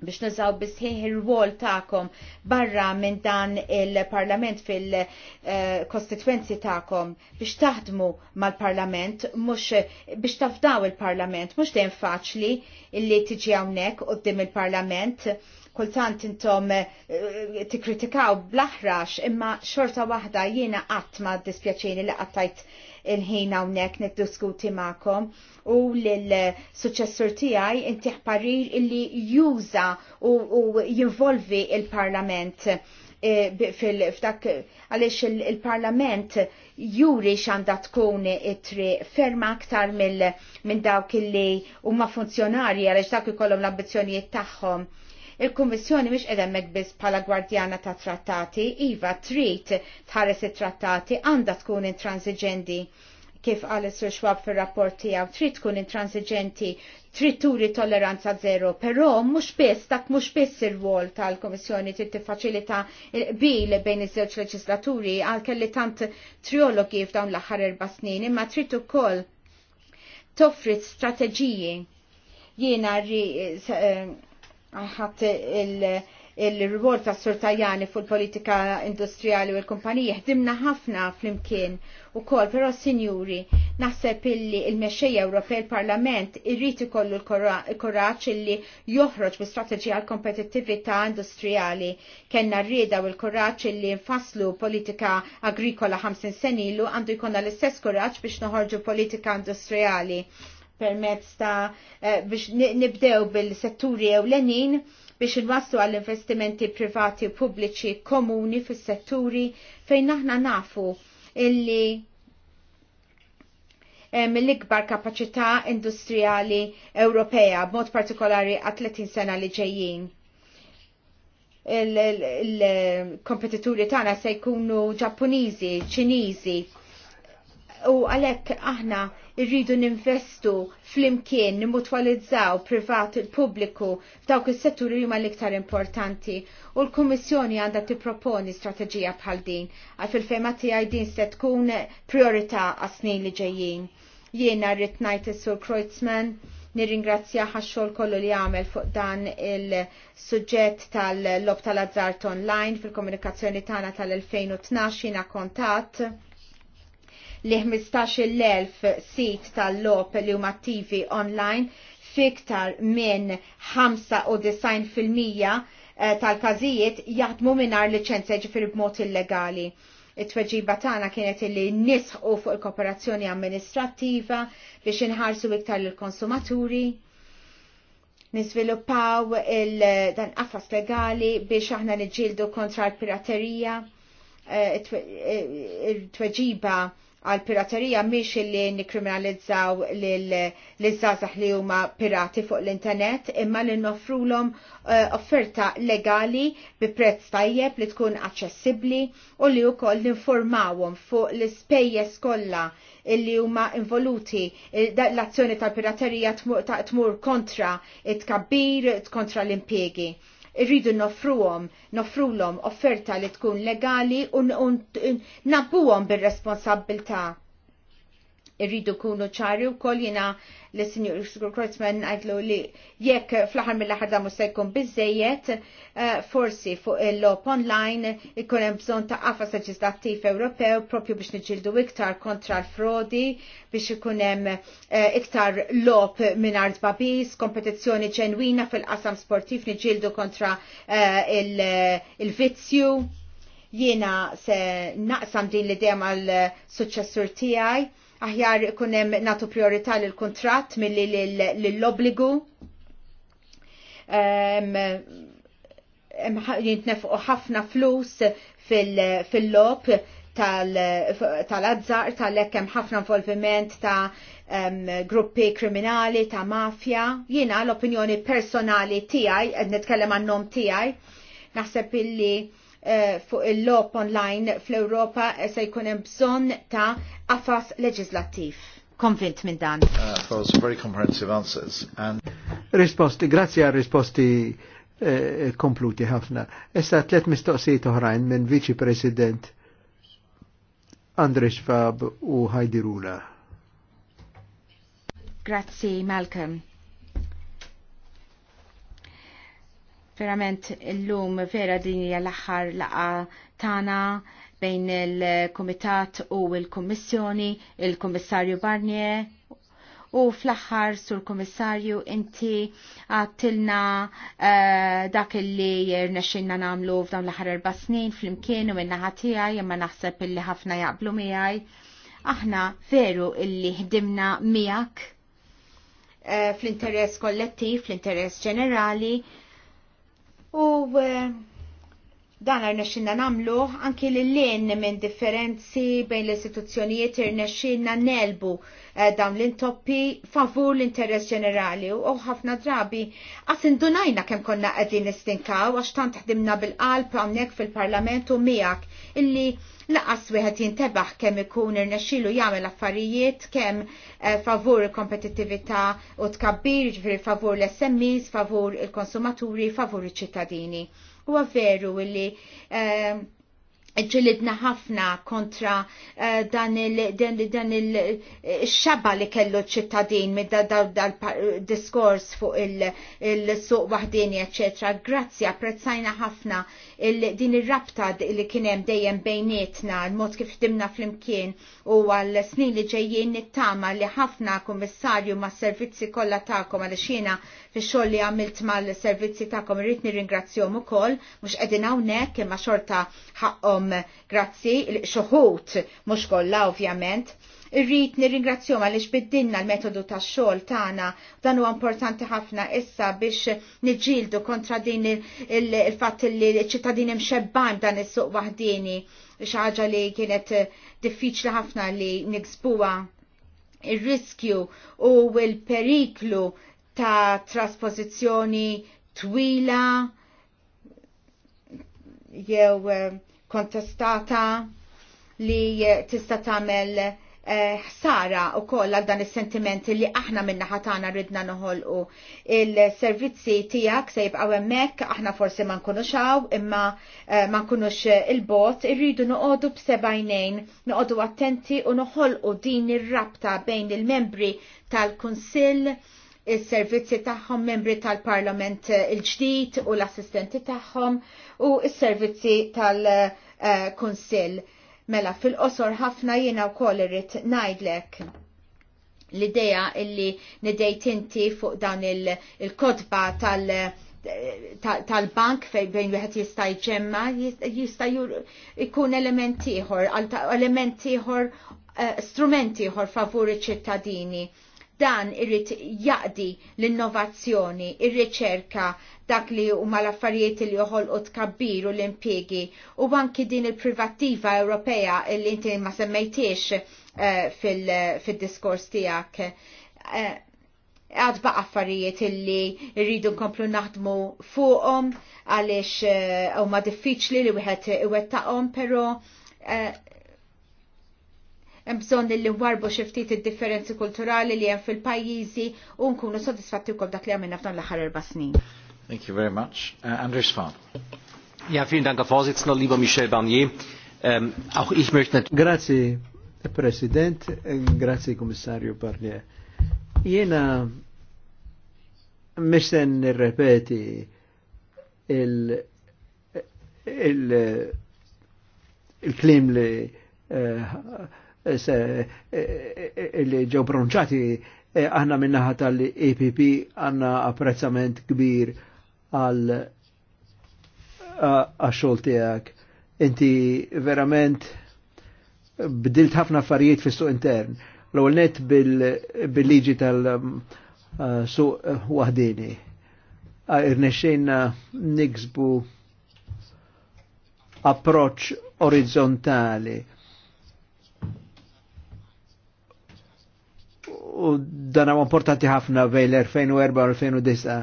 biex nużaw bisħieħ il-wol ta'kom barra minn dan il-parlament fil-kostituenzi ta'kom biex taħdmu mal-parlament, mux biex tafdaw il-parlament, mux dejjem faċli illi tiġi hawnhekk qudiem il-parlament kultant intom eh, tikkritikaw blaħrax imma xorta waħda jiena qatt ma dispjaċini li qattajt il-ħin hawnhekk niddiskuti magħkom u lill-suċessur tiegħi intiħ parir illi juża u, u jinvolvi il-Parlament e, f'dak għaliex il-Parlament juri xanda tkun it-tri ferma aktar minn dawk illi huma funzjonari għaliex dawk ikollhom l-ambizzjonijiet tagħhom il-Kummissjoni mhix qiegħda hemmhekk biss bħala gwardjana ta' trattati, iva trid tħares it-trattati għandha tkun intransiġenti kif għal is Schwab fir-rapport tiegħu trid tkun intransiġenti, trid turi tolleranza zero, però mhux biss dak mhux biss ir-rwol tal-Kummissjoni trid tiffaċilita bil bejn iż-żewġ leġislaturi għal kelli tant triologi f'dawn l-aħħar erba' snin, imma trid ukoll toffri strateġiji jiena eh, ħadd il-rwol ta' surtajani fuq politika industrijali u l-kumpanija ħdimna ħafna fl-imkien u kol, pero sinjuri, naħseb illi il-mexxejja Ewropej il-Parlament irrid ikollu l kuraġġ illi joħroġ bi strateġija għal kompetittività industrijali. Kenna rrieda u l kuraġġ illi nfasslu politika agrikola 50 senilu għandu jkollna l-istess kuraġġ biex noħorġu politika industrijali permezz ta' eh, biex nibdew bil-setturi ewlenin biex inwaslu għall-investimenti privati u pubbliċi komuni fis-setturi fejn aħna nafu illi eh, mill-ikbar kapacità industrijali Ewropea, b'mod partikolari għat 30 sena li ġejjin. Il-kompetituri tagħna se jkunu Ġappuniżi, Ċiniżi, u għalhekk aħna rridu ninvestu flimkien nimutwalizzaw privat il-pubbliku f'dawk is-setturi li huma l-iktar importanti u l-Kummissjoni għandha tipproponi strateġija bħal din għal fil-fema tiegħi din se tkun priorità għas-snin li ġejjin. Jiena rrid ngħid is-Sur Kreutzmann nirringrazzja ħaxxol kollu li għamel fuq dan il-sujġett tal-lob tal-azzart online fil-komunikazzjoni tagħna tal-2012 jiena kontatt li 15.000 sit tal-lop li huma attivi online fiktar minn 95% eh, tal-każijiet jaħdmu mingħajr liċenzja ġifieri b'mod illegali. It-tweġiba tagħna kienet li nisħu fuq il-kooperazzjoni amministrattiva biex inħarsu iktar lill-konsumaturi niżviluppaw il-dan qafas legali biex aħna niġġieldu kontra l-piraterija, eh, it-tweġiba eh, għal piraterija miex li nikriminalizzaw l-żazax li huma pirati fuq l-internet imma li noffrulhom eh, offerta legali bi prezz tajjeb li tkun aċċessibbli u li wkoll ninformawhom fuq l-ispejjeż kollha li huma involuti l-azzjoni tal-piraterija tmur kontra it-kabbir kontra l-impjegi irridu nofruhom, nofrulhom offerta li tkun legali u nabbuhom bir responsabilta irridu kunu ċari u koll jina l-Sinjur Kreuzman għajdlu li jekk fl-ħar mill-ħar da musa jkun bizzejiet, eh, forsi fuq il-lop online ikun hemm bżonn ta' qafas leġislattiv Ewropew propju biex niġildu iktar kontra l-frodi, biex ikun hemm eh, iktar lop minn art babis, kompetizzjoni ġenwina fil-qasam sportiv niġildu kontra eh, il-vizzju. Jiena se naqsam din l-idea mal successur tiegħi aħjar kunem natu priorità l-kontrat mill-li l-obligu. Jintnefqo ħafna flus fil-lob tal-azzar, tal-ekkem ħafna involviment ta' gruppi kriminali, ta' mafja. Jina l-opinjoni personali tijaj, netkellem għannom tijaj, naħseb illi Eh, fuq il-lop online fl-Europa eh, se jkun hemm bżonn ta' qafas leġislattiv. Konvint minn dan. Uh, very comprehensive answers. And... Risposti, grazzi għal risposti eh, kompluti ħafna. Issa tlet mistoqsijiet oħrajn minn Viċi President Andres Fab u Heidi Rula. Grazzi, Malcolm. Verament l-lum vera din hija l-aħħar laqa tagħna bejn il-Kumitat u il-Kummissjoni, il-Kummissarju Barnier u fl aħħar sur komissarju inti għattilna uh, dak li rnexxinna namlu f'dawn l-aħħar erba' snin fl-imkien u minna tiegħi imma naħseb illi ħafna jaqblu miegħi. Aħna veru illi ħdimna miegħek uh, fl-interess kollettiv, fl-interess ġenerali, u eh, Dan irnexxinna namlu anki li l-lin minn differenzi bejn l-istituzzjonijiet irnexxinna nelbu eh, dawn l-intoppi favur l-interess ġenerali u ħafna drabi għasin indunajna kemm konna qegħdin nistinkaw għax tant ħdimna bil-qalb hawnhekk fil-Parlament u miegħek illi laqas wieħed jintebaħ kemm ikun irnexxielu jagħmel affarijiet kemm eh, favur il-kompetittività u tkabbir, ġifieri favur l-SMEs, favur il-konsumaturi, favur iċ-ċittadini. Huwa veru li eh, ġilidna ħafna kontra eh, dan il eh, xabba li kellu ċittadin mid dal-diskors fuq il-suq wahdini, ecc. Grazzi, apprezzajna ħafna il, din il-rabta li kienem dejjem bejnietna, il-mod kif dimna fl-imkien u għal-snin li ġejjien nittama li ħafna kummissarju ma' servizzi kollha ta'kom għal xina fi xoll li għamilt mal-servizzi ta'kom ringrazzjom u ukoll, mhux qegħdin hawnhekk imma xorta ħaqhom għandhom grazzi l-xoħut mhux kollha ovvjament. Irrid nirringrazzjom għaliex biddinna l-metodu tax xogħol tagħna dan huwa importanti ħafna issa biex niġġieldu kontra din il-fatt li l-ċittadin ċittadini mxebban dan is-suq wahdini, xi ħaġa li kienet diffiċli ħafna li niksbuha il riskju u l-periklu ta' trasposizzjoni twila jew eh, kontestata li tista' tagħmel eh, ħsara u koll għal dan il-sentimenti li aħna minna ħatana ridna noħolqu il-servizzi tijak se jibqaw emmek, aħna forse ma nkunux għaw, imma eh, ma nkunux il-bot, irridu noqodu b'sebajnejn, noqodu attenti u noħolqu din ir-rabta bejn il-membri tal-Kunsill il-servizzi tagħhom membri tal-Parlament eh, il-ġdid u l-assistenti tagħhom u il-servizzi tal-Kunsill. Mela, fil-qosor ħafna jiena wkoll irrid ngħidlek l-idea illi nidejt inti fuq dan il-kodba tal- tal-bank fej bejn wieħed jista' jġemma jista' jkun element ieħor, element ieħor, eh, strumenti ieħor favur iċ-ċittadini Dan irrit jaqdi l-innovazzjoni, ir-riċerka, dak li huma l-affarijiet li joħolqu tkabbir u l impiegi u anki din il-privattiva Ewropea li inti ma semmejtiex eh, fil-diskors tiegħek. Eh, Għadba baqa affarijiet illi rridu nkomplu naħdmu fuqhom għaliex eh, huma diffiċli li wieħed iwettaqhom, pero hemm bżonn li warbu xi ftit id-differenzi kulturali li hemm fil-pajjiżi u nkunu sodisfatti wkoll dak li għamilna f'dan l-aħħar erba' snin. Thank you very much. Uh, Andres Fahn. Ja, vielen Dank, Herr Vorsitzender, lieber Michel Barnier. Ähm, auch ich möchte natürlich... Grazie, Präsident. E grazie, Kommissario Barnier. Jena, misten ripeti il, il, il, il klim li uh, E, e, e, li ġew pronunċati aħna minnaħa tal-EPP għanna apprezzament kbir għal għaxol tijak. Inti verament bdilt ħafna affarijiet fis suq intern. L-għol net bil-liġi tal-suq wahdini. Irnexxejna niksbu approċ orizzontali u dan għu importanti ħafna bej l-2004 u 2009.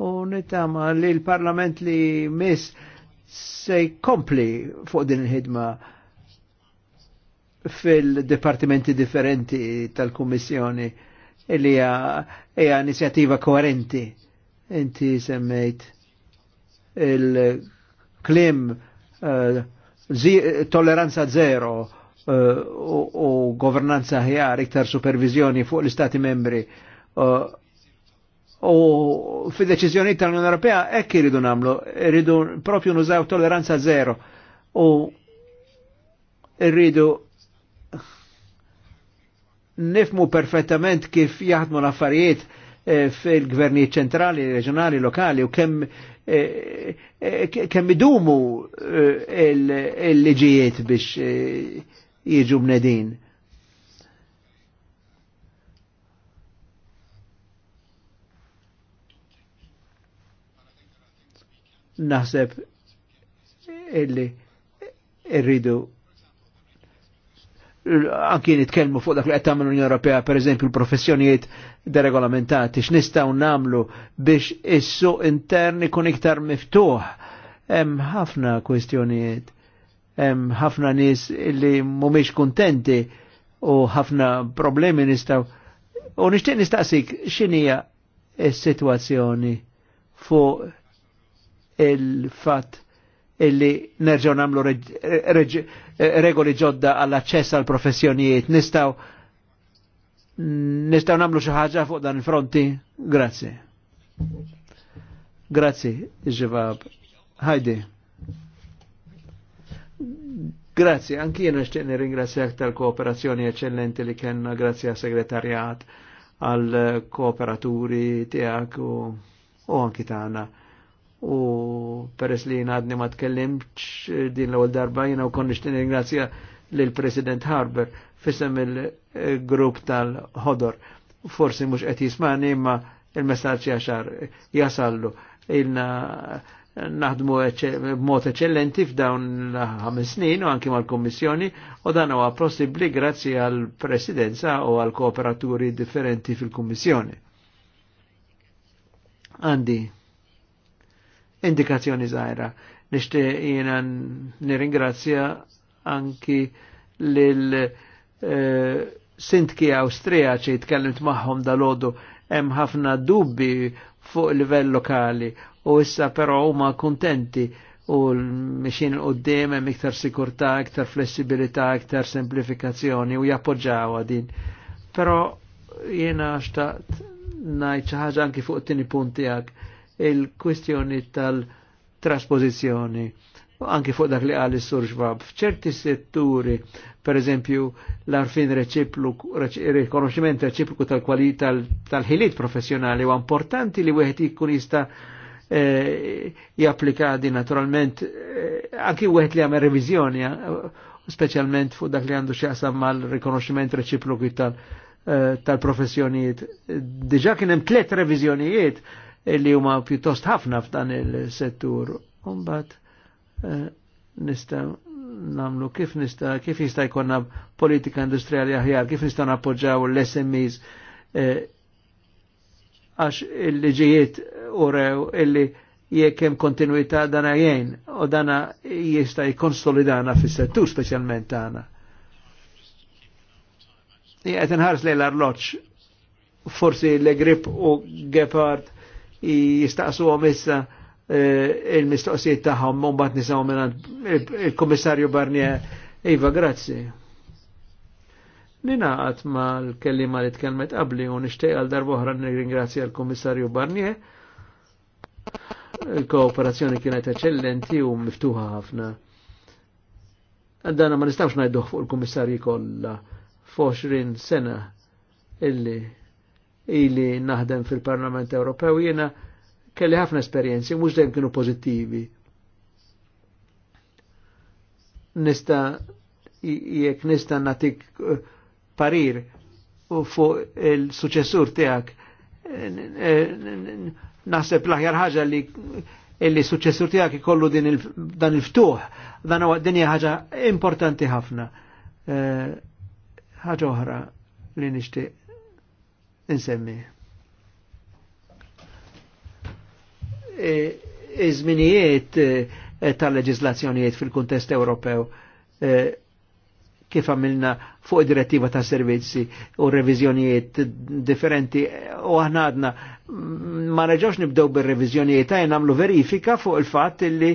U nitama li l-parlament li mis se jkompli fuq din il-ħidma fil-departimenti differenti tal-Kummissjoni li hija inizjattiva koerenti. Inti semmejt il-klim uh, tolleranza zero Eh, u governanza ħjar, iktar supervizjoni fuq l-Istati membri. Eh, u fi deċizjoni tal-Unjoni Ewropea hekk iridu nagħmlu, iridu propju nużaw tolleranza zero. U irridu nifmu perfettament kif jaħdmu l-affarijiet eh, fil-gvernijiet ċentrali, reġjonali, lokali u kemm kemm idumu l-liġijiet biex jiġu mnedin. Naħseb illi irridu anki nitkellmu fuq dak li qed tagħmel l-Unjoni Ewropea pereżempju l-professjonijiet deregolamentati x'nistgħu nagħmlu biex is-suq intern ikun iktar miftuħ. Hemm ħafna kwestjonijiet ħafna nis li mumiex kontenti u ħafna problemi nistaw. U nishtiq nistaqsik xinija s-situazzjoni fuq il-fat illi nerġaw namlu regoli ġodda għall-aċċess għal professjonijiet. Nistaw nistaw namlu xi ħaġa fuq dan il-fronti? Grazzi. Grazzi, ġivab. Hajdi. Grazie, anki jena xtiqni ringrazzjak tal-kooperazzjoni eccellenti li kenna grazie għal segretarjat, għal kooperaturi tijak u, u anki tana. U peress li jena għadni ma tkellimċ din l-ewel darba jina u konni xtiqni ringrazzja l-President Harber fissem il-grupp eh, tal-ħodor. Forsi mux qed jismani imma il-messagġi għaxar jasallu. Ilna eh, naħdmu b'mod eċellenti f'dawn ħames snin u anki mal-Kommissjoni u dan huwa possibbli grazzi għall presidenza u għall kooperaturi differenti fil-Kummissjoni. Għandi indikazzjoni żgħira. Nixtieq jiena nirringrazzja anki lil eh, sintki Awstrija ċejt kellimt magħhom dal-għodu hemm ħafna dubbi fuq livell lokali u issa però huma kontenti u l-mixin l-qoddim hemm iktar sikurtà, iktar flessibilità, iktar semplifikazzjoni u jappoġġaw din. Però jiena xtaqt ngħid xi ħaġa anki fuq it-tieni punt tiegħek il-kwistjoni tal-trasposizzjoni anki fuq dak li għal sur xbab. F'ċerti setturi, per eżempju, l-arfin reċipluku, rikonoxximent reċipluku tal-kwalità tal-ħiliet professjonali u importanti li wieħed jkun jista' Eh, japplika di naturalment eh, anki wieħed li għamel revizjoni eh, specialment fuq dak li għandu xjaqsam mal-rikonoxximent reċiproku tal-professjonijiet. Diġa kien hemm tliet revizjonijiet li huma pjuttost ħafna f'dan il-settur. Umbat nista' namlu kif nista' kif jista' jkollna politika industrijali aħjar, kif nista' nappoġġaw l-SMEs għax il-liġijiet urew illi jekk hemm kontinuità dana jgħin u dana jista' jikonsolidana fis-settur specialment tagħna. Qed nħars li l arloċ forsi l-grip u Gepard jistaqsu issa eh, il-mistoqsijiet tagħhom u mbagħad nisimgħu minn il-Kummissarju Barnier. Iva, grazzi. Ninaqat ma l-kellima li tkellmet qabli u nixtieq għal darba oħra nirringrazzja l-Kummissarju Barnier Il-kooperazzjoni kienet eccellenti u miftuħa ħafna. Għaddana ma nistawx najduħ fuq il-kommissarji kollha foxrin sena illi illi naħdem fil-Parlament Ewropew jiena kelli ħafna esperjenzi mhux dajem kienu pożittivi. Nista jekk nista natik eh, parir u fuq il-suċessur tiegħek eh, naħseb l-aħjar ħaġa li illi suċessur tijak ikollu il, dan il-ftuħ, dan huwa dinja ħaġa importanti ħafna. Eh, ħaġa oħra li nishti insemmi. E, Iżminijiet eh, tal-leġislazzjonijiet fil-kuntest Ewropew eh, kif għamilna fuq direttiva ta' servizzi u revizjonijiet differenti u aħna għadna mm, ma reġawx nibdew bil revizjonijiet għajn għamlu verifika fuq il-fat li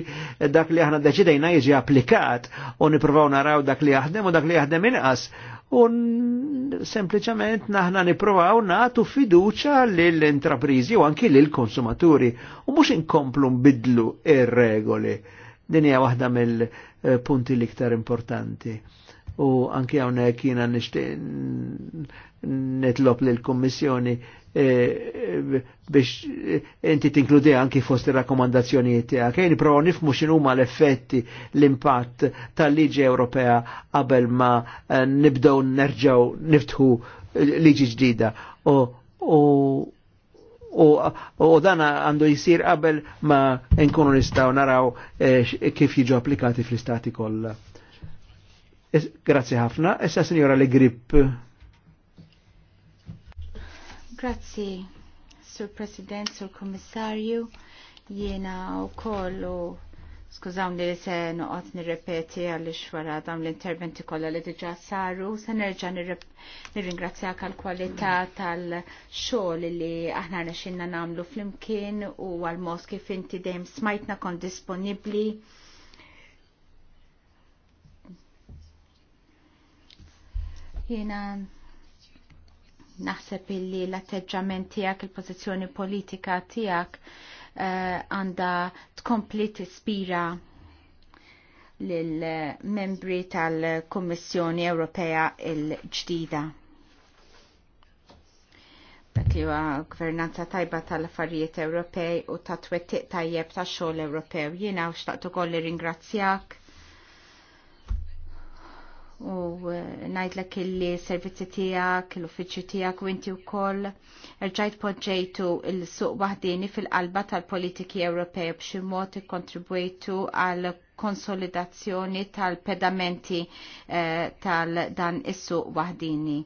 dak li aħna deċidejna jiġi applikat u niprofaw naraw dak li jaħdem u dak li jaħdem inqas u sempliciment naħna niprofaw natu fiduċa l-intraprizi u anki l-konsumaturi u mux inkomplu mbidlu ir-regoli. Din hija waħda mill-punti l-iktar importanti u anki hawnhekk jiena nixtieq nitlob lil kummissjoni eh, eh, biex eh, inti tinkludi anki fost ir-rakkomandazzjonijiet tiegħek. Jien nipprova nifmu x'inhuma l-effetti l-impatt tal-liġi Ewropea qabel ma nibdew nerġgħu niftħu liġi ġdida. U dan għandu jisir qabel ma nkunu nistgħu naraw kif jiġu applikati fl-istati kollha. Grazzi ħafna. Issa signora li grip. Grazzi, Sur President, Sur Kommissarju. Jiena u kollu Skużawni li se noqgħod nirrepeti għaliex wara dawn l-interventi kollha li diġà saru, se nerġa' nirringrazzjak għal kwalità tal xol li aħna namlu nagħmlu flimkien u għal mos kif inti dejjem smajtna kon disponibbli Jena naħseb illi l-atteġġament tiegħek, il-pożizzjoni politika tiegħek eh, għandha tkompli tispira lill-membri tal-Kommissjoni Ewropea il-ġdida. Dak li huwa gvernanza tajba tal-affarijiet Ewropej u ta' twettiq tajjeb ta' xogħol Ewropew. Jiena xtaqt ukoll ringrazzjak u eh, najdlek illi servizzi tijak, l-uffiċju tijak u inti u koll. Rġajt podġejtu il-suq wahdini fil-qalba tal-politiki Ewropej b'xi mod ikkontribwejtu għal konsolidazzjoni tal-pedamenti eh, tal-dan is-suq wahdini.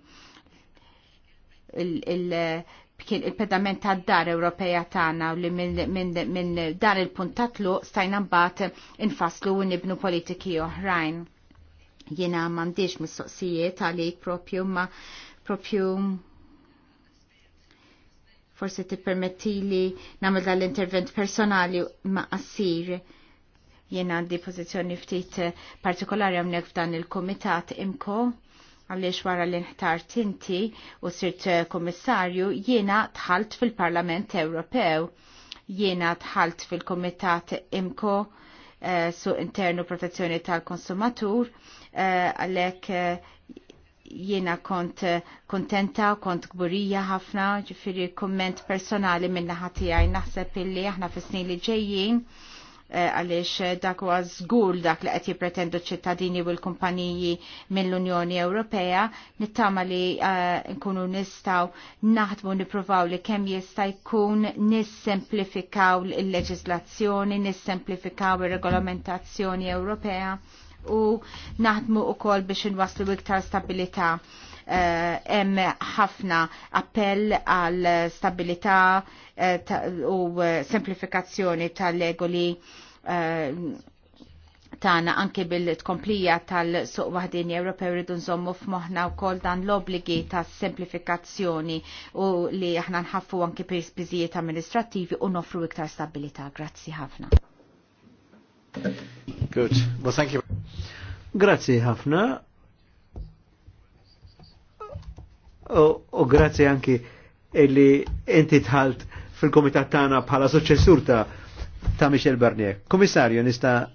Il-pedament il, tad-dar Ewropeja tagħna u li minn min, min, min dan il-puntatlu stajna mbagħad infaslu u nibnu politiki oħrajn. Jena mandiġ mistoqsijiet għalik propju ma propju forse tippermetti li namel dal-intervent personali ma' assir jena għandi pozizjoni ftit partikolari għamnek f'dan il-komitat imko għalix wara li nħtar tinti u sirt komissarju jena tħalt fil-Parlament Ewropew jena tħalt fil-komitat imko eh, su internu protezzjoni tal-konsumatur Eh, għalek eh, jiena kont eh, kontenta, kont gburija ħafna, ġifiri komment personali minna għaj naħseb illi aħna fis-snin li ġejjin għaliex dak huwa żgur dak li qed jippretendu ċittadini u l-kumpaniji mill-Unjoni Ewropea, nittama li nkunu nistgħu naħdmu nippruvaw li kemm jista' jkun nissemplifikaw il-leġiżlazzjoni, nissemplifikaw ir-regolamentazzjoni Ewropea u naħdmu kol biex nwaslu iktar stabilità eh, hemm ħafna appell għal stabilità eh, u semplifikazzjoni tal legoli eh, tana anke bil-tkomplija tal-suq wahdini Ewropew rridu nżommu f'moħħna wkoll dan l-obligi ta' semplifikazzjoni u li aħna nħaffu anke per amministrattivi u nofru iktar stabilità. Grazzi ħafna. Good. Well, thank you. Grazie ħafna. U grazie anki illi inti tħalt fil-komitat tana bħala suċessur ta' ta' Michel Barnier. Komissarju, nista'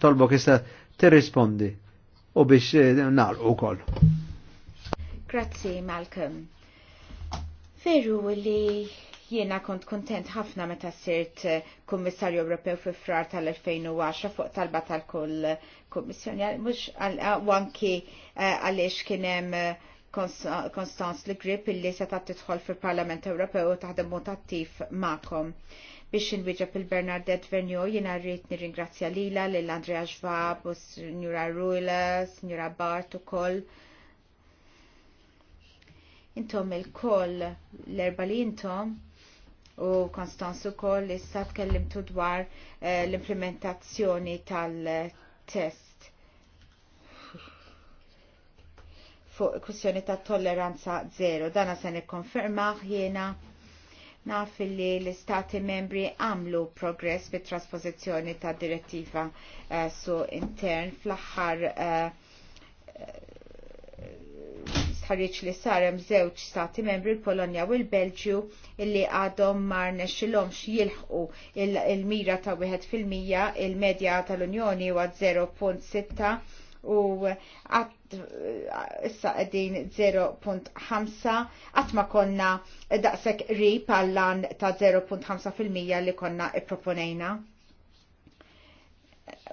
tolbo kista issa rispondi u biex eh, u wkoll. Grazie, Malcolm. Veru li Jiena kont kontent ħafna meta sirt eh, Kummissarju Ewropew fi frar tal-2010 fuq talba tal-kull Kummissjoni, mux għanki eh, għalix kienem eh, Konstanz li grip illi se ta' tidħol fil-Parlament Ewropew u taħdem mod attiv ma'kom. Biex inwieġeb il-Bernardet Vernio jiena rrid nirringrazzja lila lil Andrea Schwab u Signora Ruila, Signora Bart ukoll intom il-koll l-erba li intom u Konstanzu kol issa tkellimtu dwar eh, l-implementazzjoni tal-test fuq kwestjoni ta' tolleranza zero. Dana se nikkonferma jiena naf li l-istati membri għamlu progress bit trasposizzjoni ta' direttiva eh, su intern fl-aħħar eh, stħarriċ li sarem żewġ stati membri l-Polonja u l-Belġju illi għadhom mar nexxilhomx jilħqu il-mira ta' 1% il-medja tal-Unjoni huwa 0.6 u issa qegħdin 0.5 qatt ma konna daqshekk rib għall an ta' 0.5% li konna ipproponejna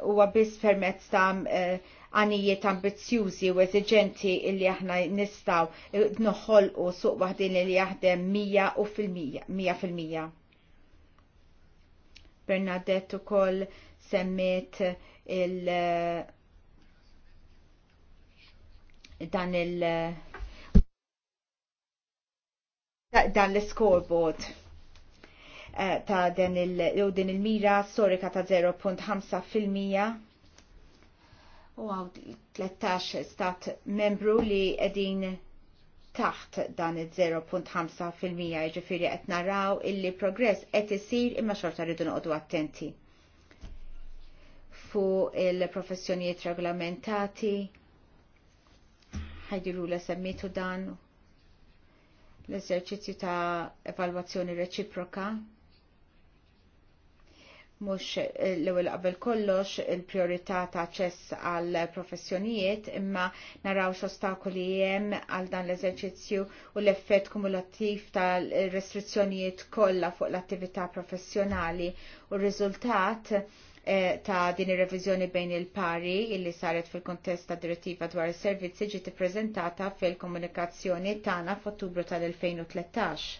huwa biss permezz ta' għanijiet ambizjużi u eżiġenti illi aħna nistaw noħol u suq waħdin li jaħdem 100 u fil-mija. Bernadette u koll semmiet il- dan il- dan l-scoreboard eh, ta' din il-mira storika ta' 0.5 fil-mija u għaw 13 stat membru li edin taħt dan il-0.5% ġifiri qed naraw illi progress qed isir imma xorta rridu noqogħdu attenti. Fu il-professjonijiet regolamentati ħajdiru la semmitu dan l-eżerċizzju ta' evalwazzjoni reċiproka mux eh, l-ewel qabel kollox il-priorità ta' ċess għal professjonijiet imma naraw ostakoli jem għal dan l-eżerċizzju u l-effett kumulattiv tal restrizzjonijiet kollha fuq l-attività professjonali u r-riżultat eh, ta' din ir-reviżjoni bejn il-pari illi saret fil-kontest ta' direttiva dwar is-servizzi ġiet ippreżentata fil-komunikazzjoni tagħna f'Ottubru tal-2013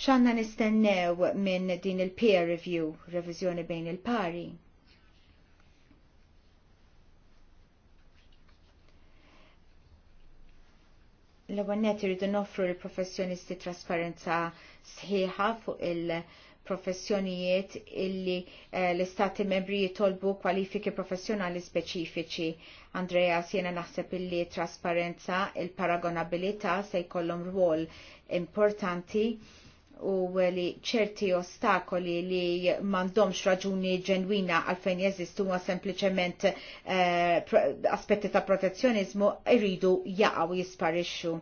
xanna nistennew minn din il-peer review, revizjoni bejn il-pari. L-għannet irridu noffru l-professjonisti trasparenza sħiħa fuq il- professjonijiet illi eh, l-istati membri jitolbu kwalifiki professjonali speċifiċi. Andrea, jena naħseb illi trasparenza, il-paragonabilità se jkollhom rwol importanti u li ċerti ostakoli li mandomx raġuni ġenwina għalfejn jeżistu ma sempliciment uh, eh, aspetti ta' protezzjonizmu irridu jaqaw jisparixxu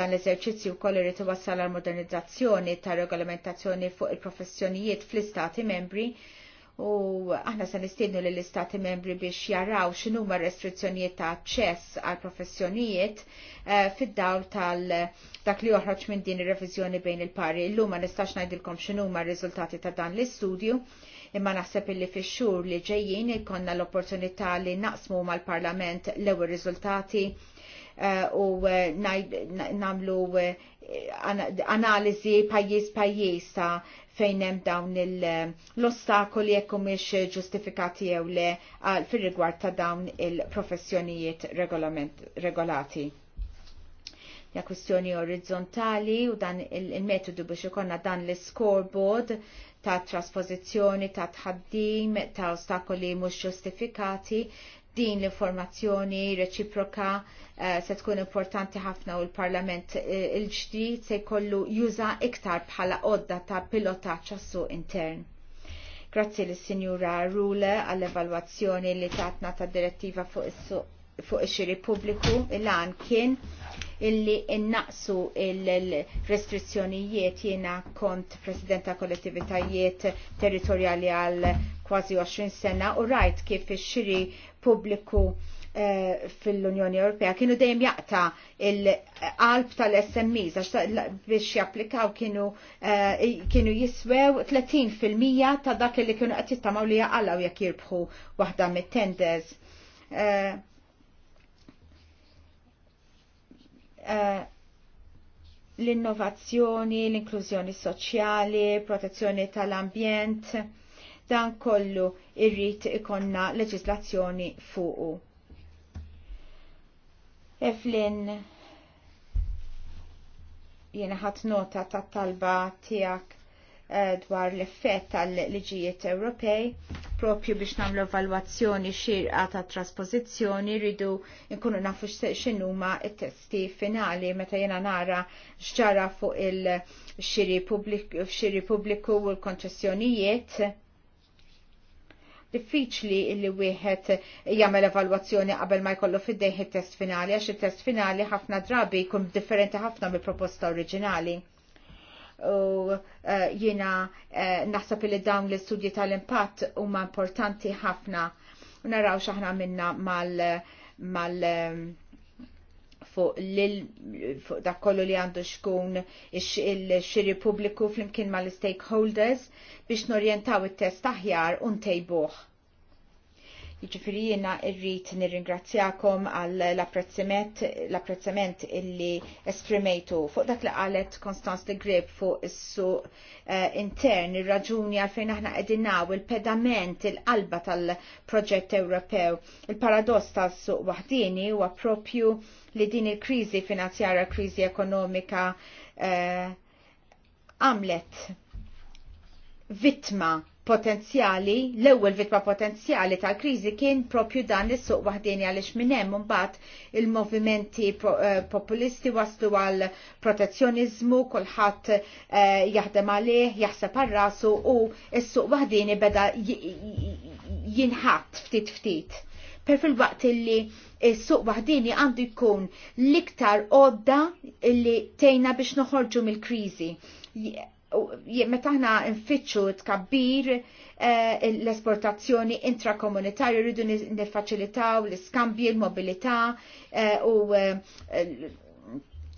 dan l-eżerċizzju koll irid wassal għal modernizzazzjoni ta' regolamentazzjoni fuq il-professjonijiet fl-istati membri u aħna se nistiednu lill istati membri biex jaraw x'inhuma restrizzjonijiet ta' aċċess għal professjonijiet eh, fid-dawl tal dak li joħroġ minn din ir-reviżjoni bejn il-pari. Illum ma nistax ngħidilkom x'inhuma r-riżultati ta' dan l-istudju imma naħseb illi fix-xhur li ġejjin ikonna l-opportunità li naqsmu mal-Parlament l-ewwel riżultati eh, u eh, nagħmlu analiżi analizi pajjiż pajjiż ta' fejn hemm dawn eh, l-ostakoli jekk mhix ġustifikati jew le ah, fir-rigward ta' dawn il-professjonijiet regolati. Ja kwistjoni orizzontali u dan il-metodu biex ikonna dan l-scoreboard ta' trasposizjoni, ta' tħaddim, ta' ostakoli mhux ġustifikati din l-informazzjoni reċiproka eh, se tkun importanti ħafna u l-Parlament eh, il-ġdid se jkollu juża iktar bħala qodda ta' pilotaċ su intern. Grazzi l-Sinjura Rule għall-evalwazzjoni li tatna ta' direttiva fuq is-suq fuq ix-xiri pubbliku il-għan kien illi innaqsu il-restrizzjonijiet jiena kont president kollettivitajiet territorjali għal kważi 20 sena u rajt kif ix-xiri pubbliku eh, fil-Unjoni Ewropea kienu dejjem jaqta il-qalb tal-SMEs għax biex japplikaw kienu eh, kienu jiswew 30% ta' dak li kienu qed jittamaw li jaqalaw jekk jirbħu waħda mit-tenders. Eh, Eh, l-innovazzjoni, l-inklużjoni soċjali, protezzjoni tal-ambjent, dan kollu irrit ikonna leġislazzjoni fuqu. Eflin, jena ħat nota ta' talba tijak Eh, dwar l-effett tal-liġijiet Ewropej propju biex namlu evalwazzjoni xirqa ta' trasposizjoni rridu nkunu nafu x'inhuma t-testi finali meta jena nara xġara fuq il-xiri pubbliku u l-konċessjonijiet. Diffiċli li wieħed jagħmel evalwazzjoni qabel ma jkollu fid-dejn it-test finali għax it-test finali ħafna drabi jkun differenti ħafna mill-proposta oriġinali u eh, jiena eh, naħseb li dawn l-istudji tal-impatt huma importanti ħafna naraw xaħna minna mal mal eh, fuq lil fuq dak kollu li għandu xkun il-xiri pubbliku flimkien mal-stakeholders biex norjentaw it-test aħjar u ntejbuh. Jiġifieri jiena rrid nirringrazzjakom għal l-apprezzament illi esprimejtu fuq dak li qalet Konstanz de Grib fuq is-suq uh, eh, intern ir-raġuni għalfejn aħna qegħdin naw il-pedament il-qalba tal-proġett Ewropew. Il-paradoss tas-suq waħdini huwa propju li din il-kriżi finanzjara, kriżi ekonomika eh, għamlet vittma potenzjali, l-ewwel vittma potenzjali tal-kriżi kien propju dan is suq waħdini għaliex minn hemm imbagħad il-movimenti eh, populisti waslu għal protezzjonizmu, kulħadd eh, jaħdem għalih, jaħseb għal rasu u s-suq waħdini beda jinħatt ftit ftit. Per fil-waqt illi s-suq waħdini għandu jkun l-iktar odda illi tejna biex noħorġu mill-kriżi meta aħna nfittxu tkabbir eh, l-esportazzjoni intrakomunitarju rridu nifaċilitaw l-iskambji, l-mobilità eh, u eh,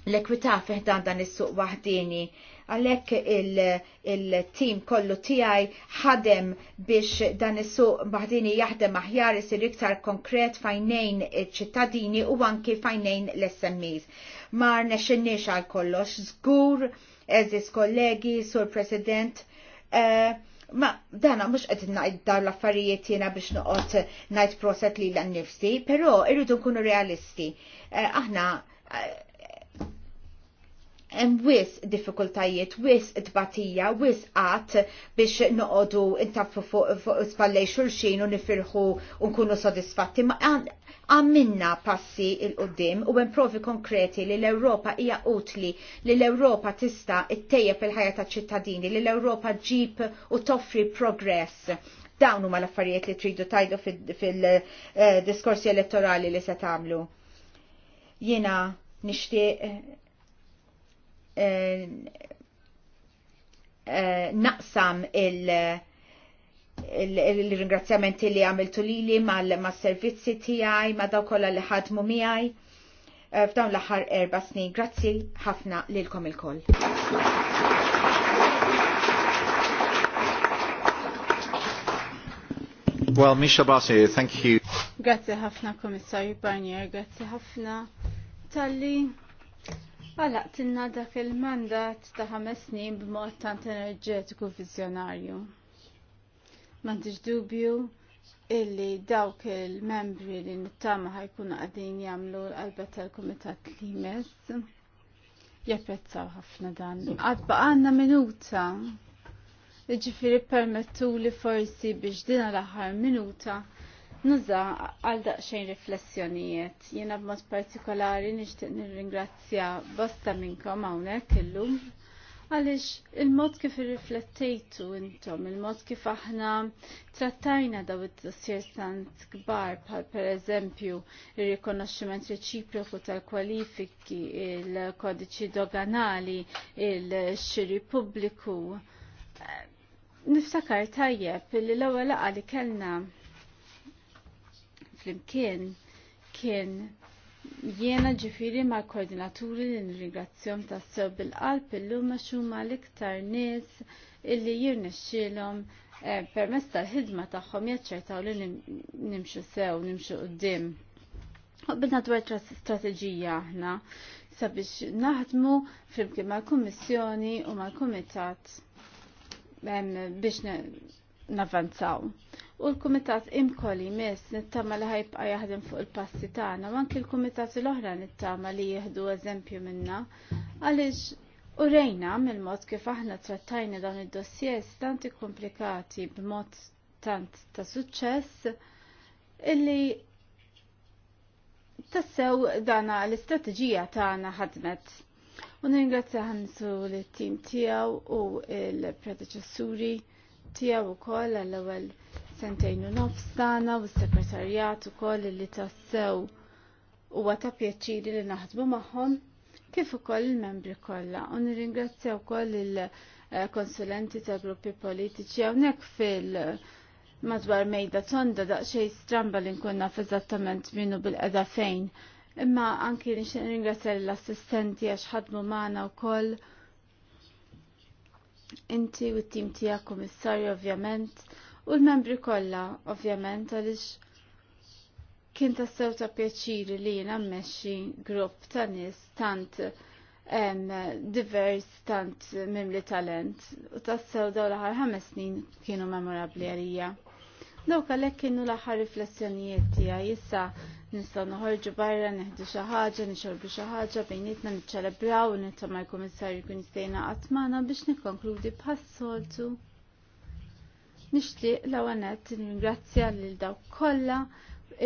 l-ekwità fiħdan dan is-suq waħdini. Għalhekk il-tim kollu tiegħi ħadem biex dan is-suq waħdini jaħdem aħjar isir iktar konkret fajnejn iċ-ċittadini u anki fajnejn l-SMEs. Ma rnexxinniex għal kollox żgur eżis kollegi, sur president, eh, ma dana mux qed najt dar l-affarijiet jena biex nuqot najt proset li l annifsi pero irridu nkunu realisti. Eh, aħna eh, hemm wis diffikultajiet, wis tbatija, wis qatt biex noqogħdu intaffu fuq spallej xulxin u nifirħu u nkunu sodisfatti. Ma għamminna passi il-qoddim u hemm provi konkreti li l-Ewropa hija utli, li l-Ewropa tista' ittejjeb il-ħajja taċ-ċittadini, li l-Ewropa ġib u toffri progress. Dawn huma l-affarijiet li tridu tajdu fil-diskorsi eh, elettorali li se tagħmlu. Jiena nixtieq Eh, eh, naqsam il- il-ringrazzjamenti li għamiltu lili mal-servizzi għaj, ma daw kolla li ħadmu għaj, eh, f'dawn l-aħħar erba snin. Grazzi ħafna lilkom il-koll. Well, Misha Bassi, thank you. Grazzi ħafna, Komissarju Barnier, grazzi ħafna Tali. Għalaqtilna dak il-mandat ta' ħames snin b'mod tant enerġetiku vizjonarju. M'għandix dubju illi dawk il-membri li nittama ħajkunu għadin jagħmlu l-qalba tal-Kumitat Limes japprezzaw ħafna dan. Għadba għanna minuta. ġifiri permettu li forsi biex dina l-aħħar minuta Nuzza, għal daqsxejn riflessjonijiet. Jiena b'mod partikolari nixtieq nirringrazzja bosta minnkom hawnhekk illum għaliex il-mod kif irriflettejtu intom, il-mod kif aħna trattajna daw id-dossier tant kbar bħal pereżempju il rikonoxximent reċiproku tal-kwalifiki, il-kodiċi doganali, il-xiri pubbliku. Niftakar tajjeb li l-ewwel li kellna flimkien kien jiena ġifiri ma' koordinaturi li nirringrazzjom ta' sew bil-qalb illum xumma l-iktar nies illi jirnexxielhom eh, permezz tal-ħidma tagħhom jaċċertaw li nimxu sew, nimxu U bidna dwar strateġija aħna sabiex naħdmu flimkien mal-Kummissjoni u mal-Kumitat biex navanzaw u l-Kumitat imkoli mis nittama li ħajbqa jaħdem fuq il-passi tagħna u anki l-Kumitat l-oħra nittama li jieħdu eżempju minna għaliex u rejna mill-mod kif aħna trattajna dawn id-dossiers tanti komplikati b'mod tant ta' suċċess illi tassew dana l-istrateġija tagħna ħadmet. U nirringrazzja ħansu l-tim tiegħu u l-predeċessuri tijaw u għall-ewwel ewel sentajnu nofs u s-sekretarjat ukoll li tassew huwa ta' pjaċiri li naħdbu magħhom kif ukoll il-membri kollha u nirringrazzja wkoll il-konsulenti tal-gruppi politiċi hawnhekk fil- madwar mejda tonda daqxej stramba li nkunna f'eżattament minnu bil-qeda fejn. Imma anki nixtieq ringrazzja l-assistenti għax ħadmu magħna wkoll inti u t-tim tija komissarju ovvjament u l-membri kolla ovvjament għalix kien sew ta' pjaċiri li jena meċi grupp ta' nis tant em, divers tant mimli talent u tassew daw l-ħar ħames snin kienu memorabli għalija. Dawk għalek kienu l riflessjonijiet tija jissa nistgħu noħorġu barra neħdu xi ħaġa, nixorbu xi ħaġa bejnietna niċċelebraw u nittama' mal kummissarju jkun qatt magħna biex nikkonkludi bħas-soltu. Nixtieq l-għanet nirringrazzja lil dawk kollha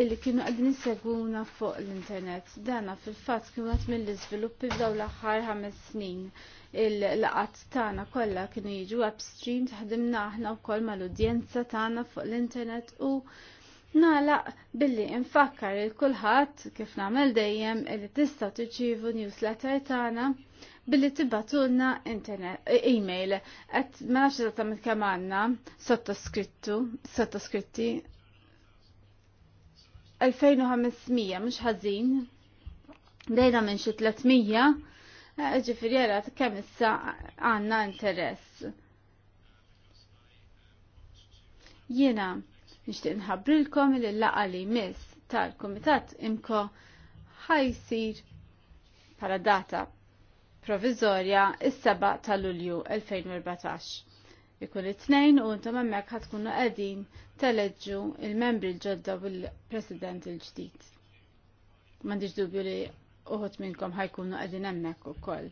illi kienu qegħdin segwuna fuq l-internet. Dana fil fatt kienu qed mill iżviluppi f'daw l aħħar ħames snin. Il-laqat tagħna kollha kienu jiġu upstream taħdimna aħna wkoll mal-udjenza tagħna fuq l-internet u Nala billi infakkar il kulħadd kif nagħmel dejjem li tista' tiċċievu newsletter tagħna billi tibatulna internet e- mail, qed ma nafx eżattament kemm għandna sottoskrittu sottoskritti 2500 mhux ħażin dejna minn xi 300 e, ġifieri jara kemm issa għandna interess. Jiena Nixtieq nħabrilkom li l-laqa li mis tal-Kumitat imko ħajsir bħala data provizorja is-7 ta' Lulju 2014. Ikun it-tnejn u intom hemmhekk ħatkunu qegħdin teleġġu il-membri l-ġodda u l-President il-ġdid. M'għandix dubju li uħut minnkom ħajkunu qegħdin hemmhekk ukoll.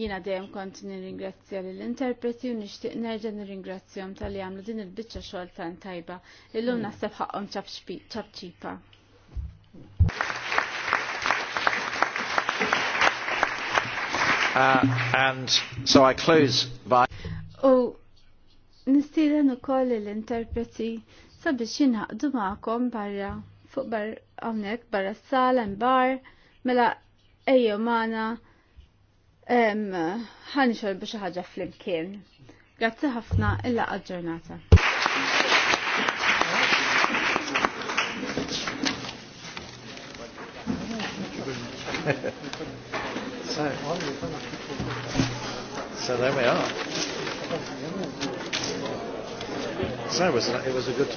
Jiena dejjem kont nirringrazzja lill interpreti u nixtieq nerġa' nirringrazzjahom tal-li għamlu din il-biċċa xogħol tan tajba. Illum mm. naħseb ħaqhom ċabċipa. Uh, and so I close by U nistiren ukoll l-interpreti sabiex jinħaqdu magħkom barra fuq bar hawnhekk barra s-sala bar mela ejjew magħna ħanixol biex ħagġa fl-imkien. Grazzi ħafna illa għal-ġurnata. there we are. So it was, it was a good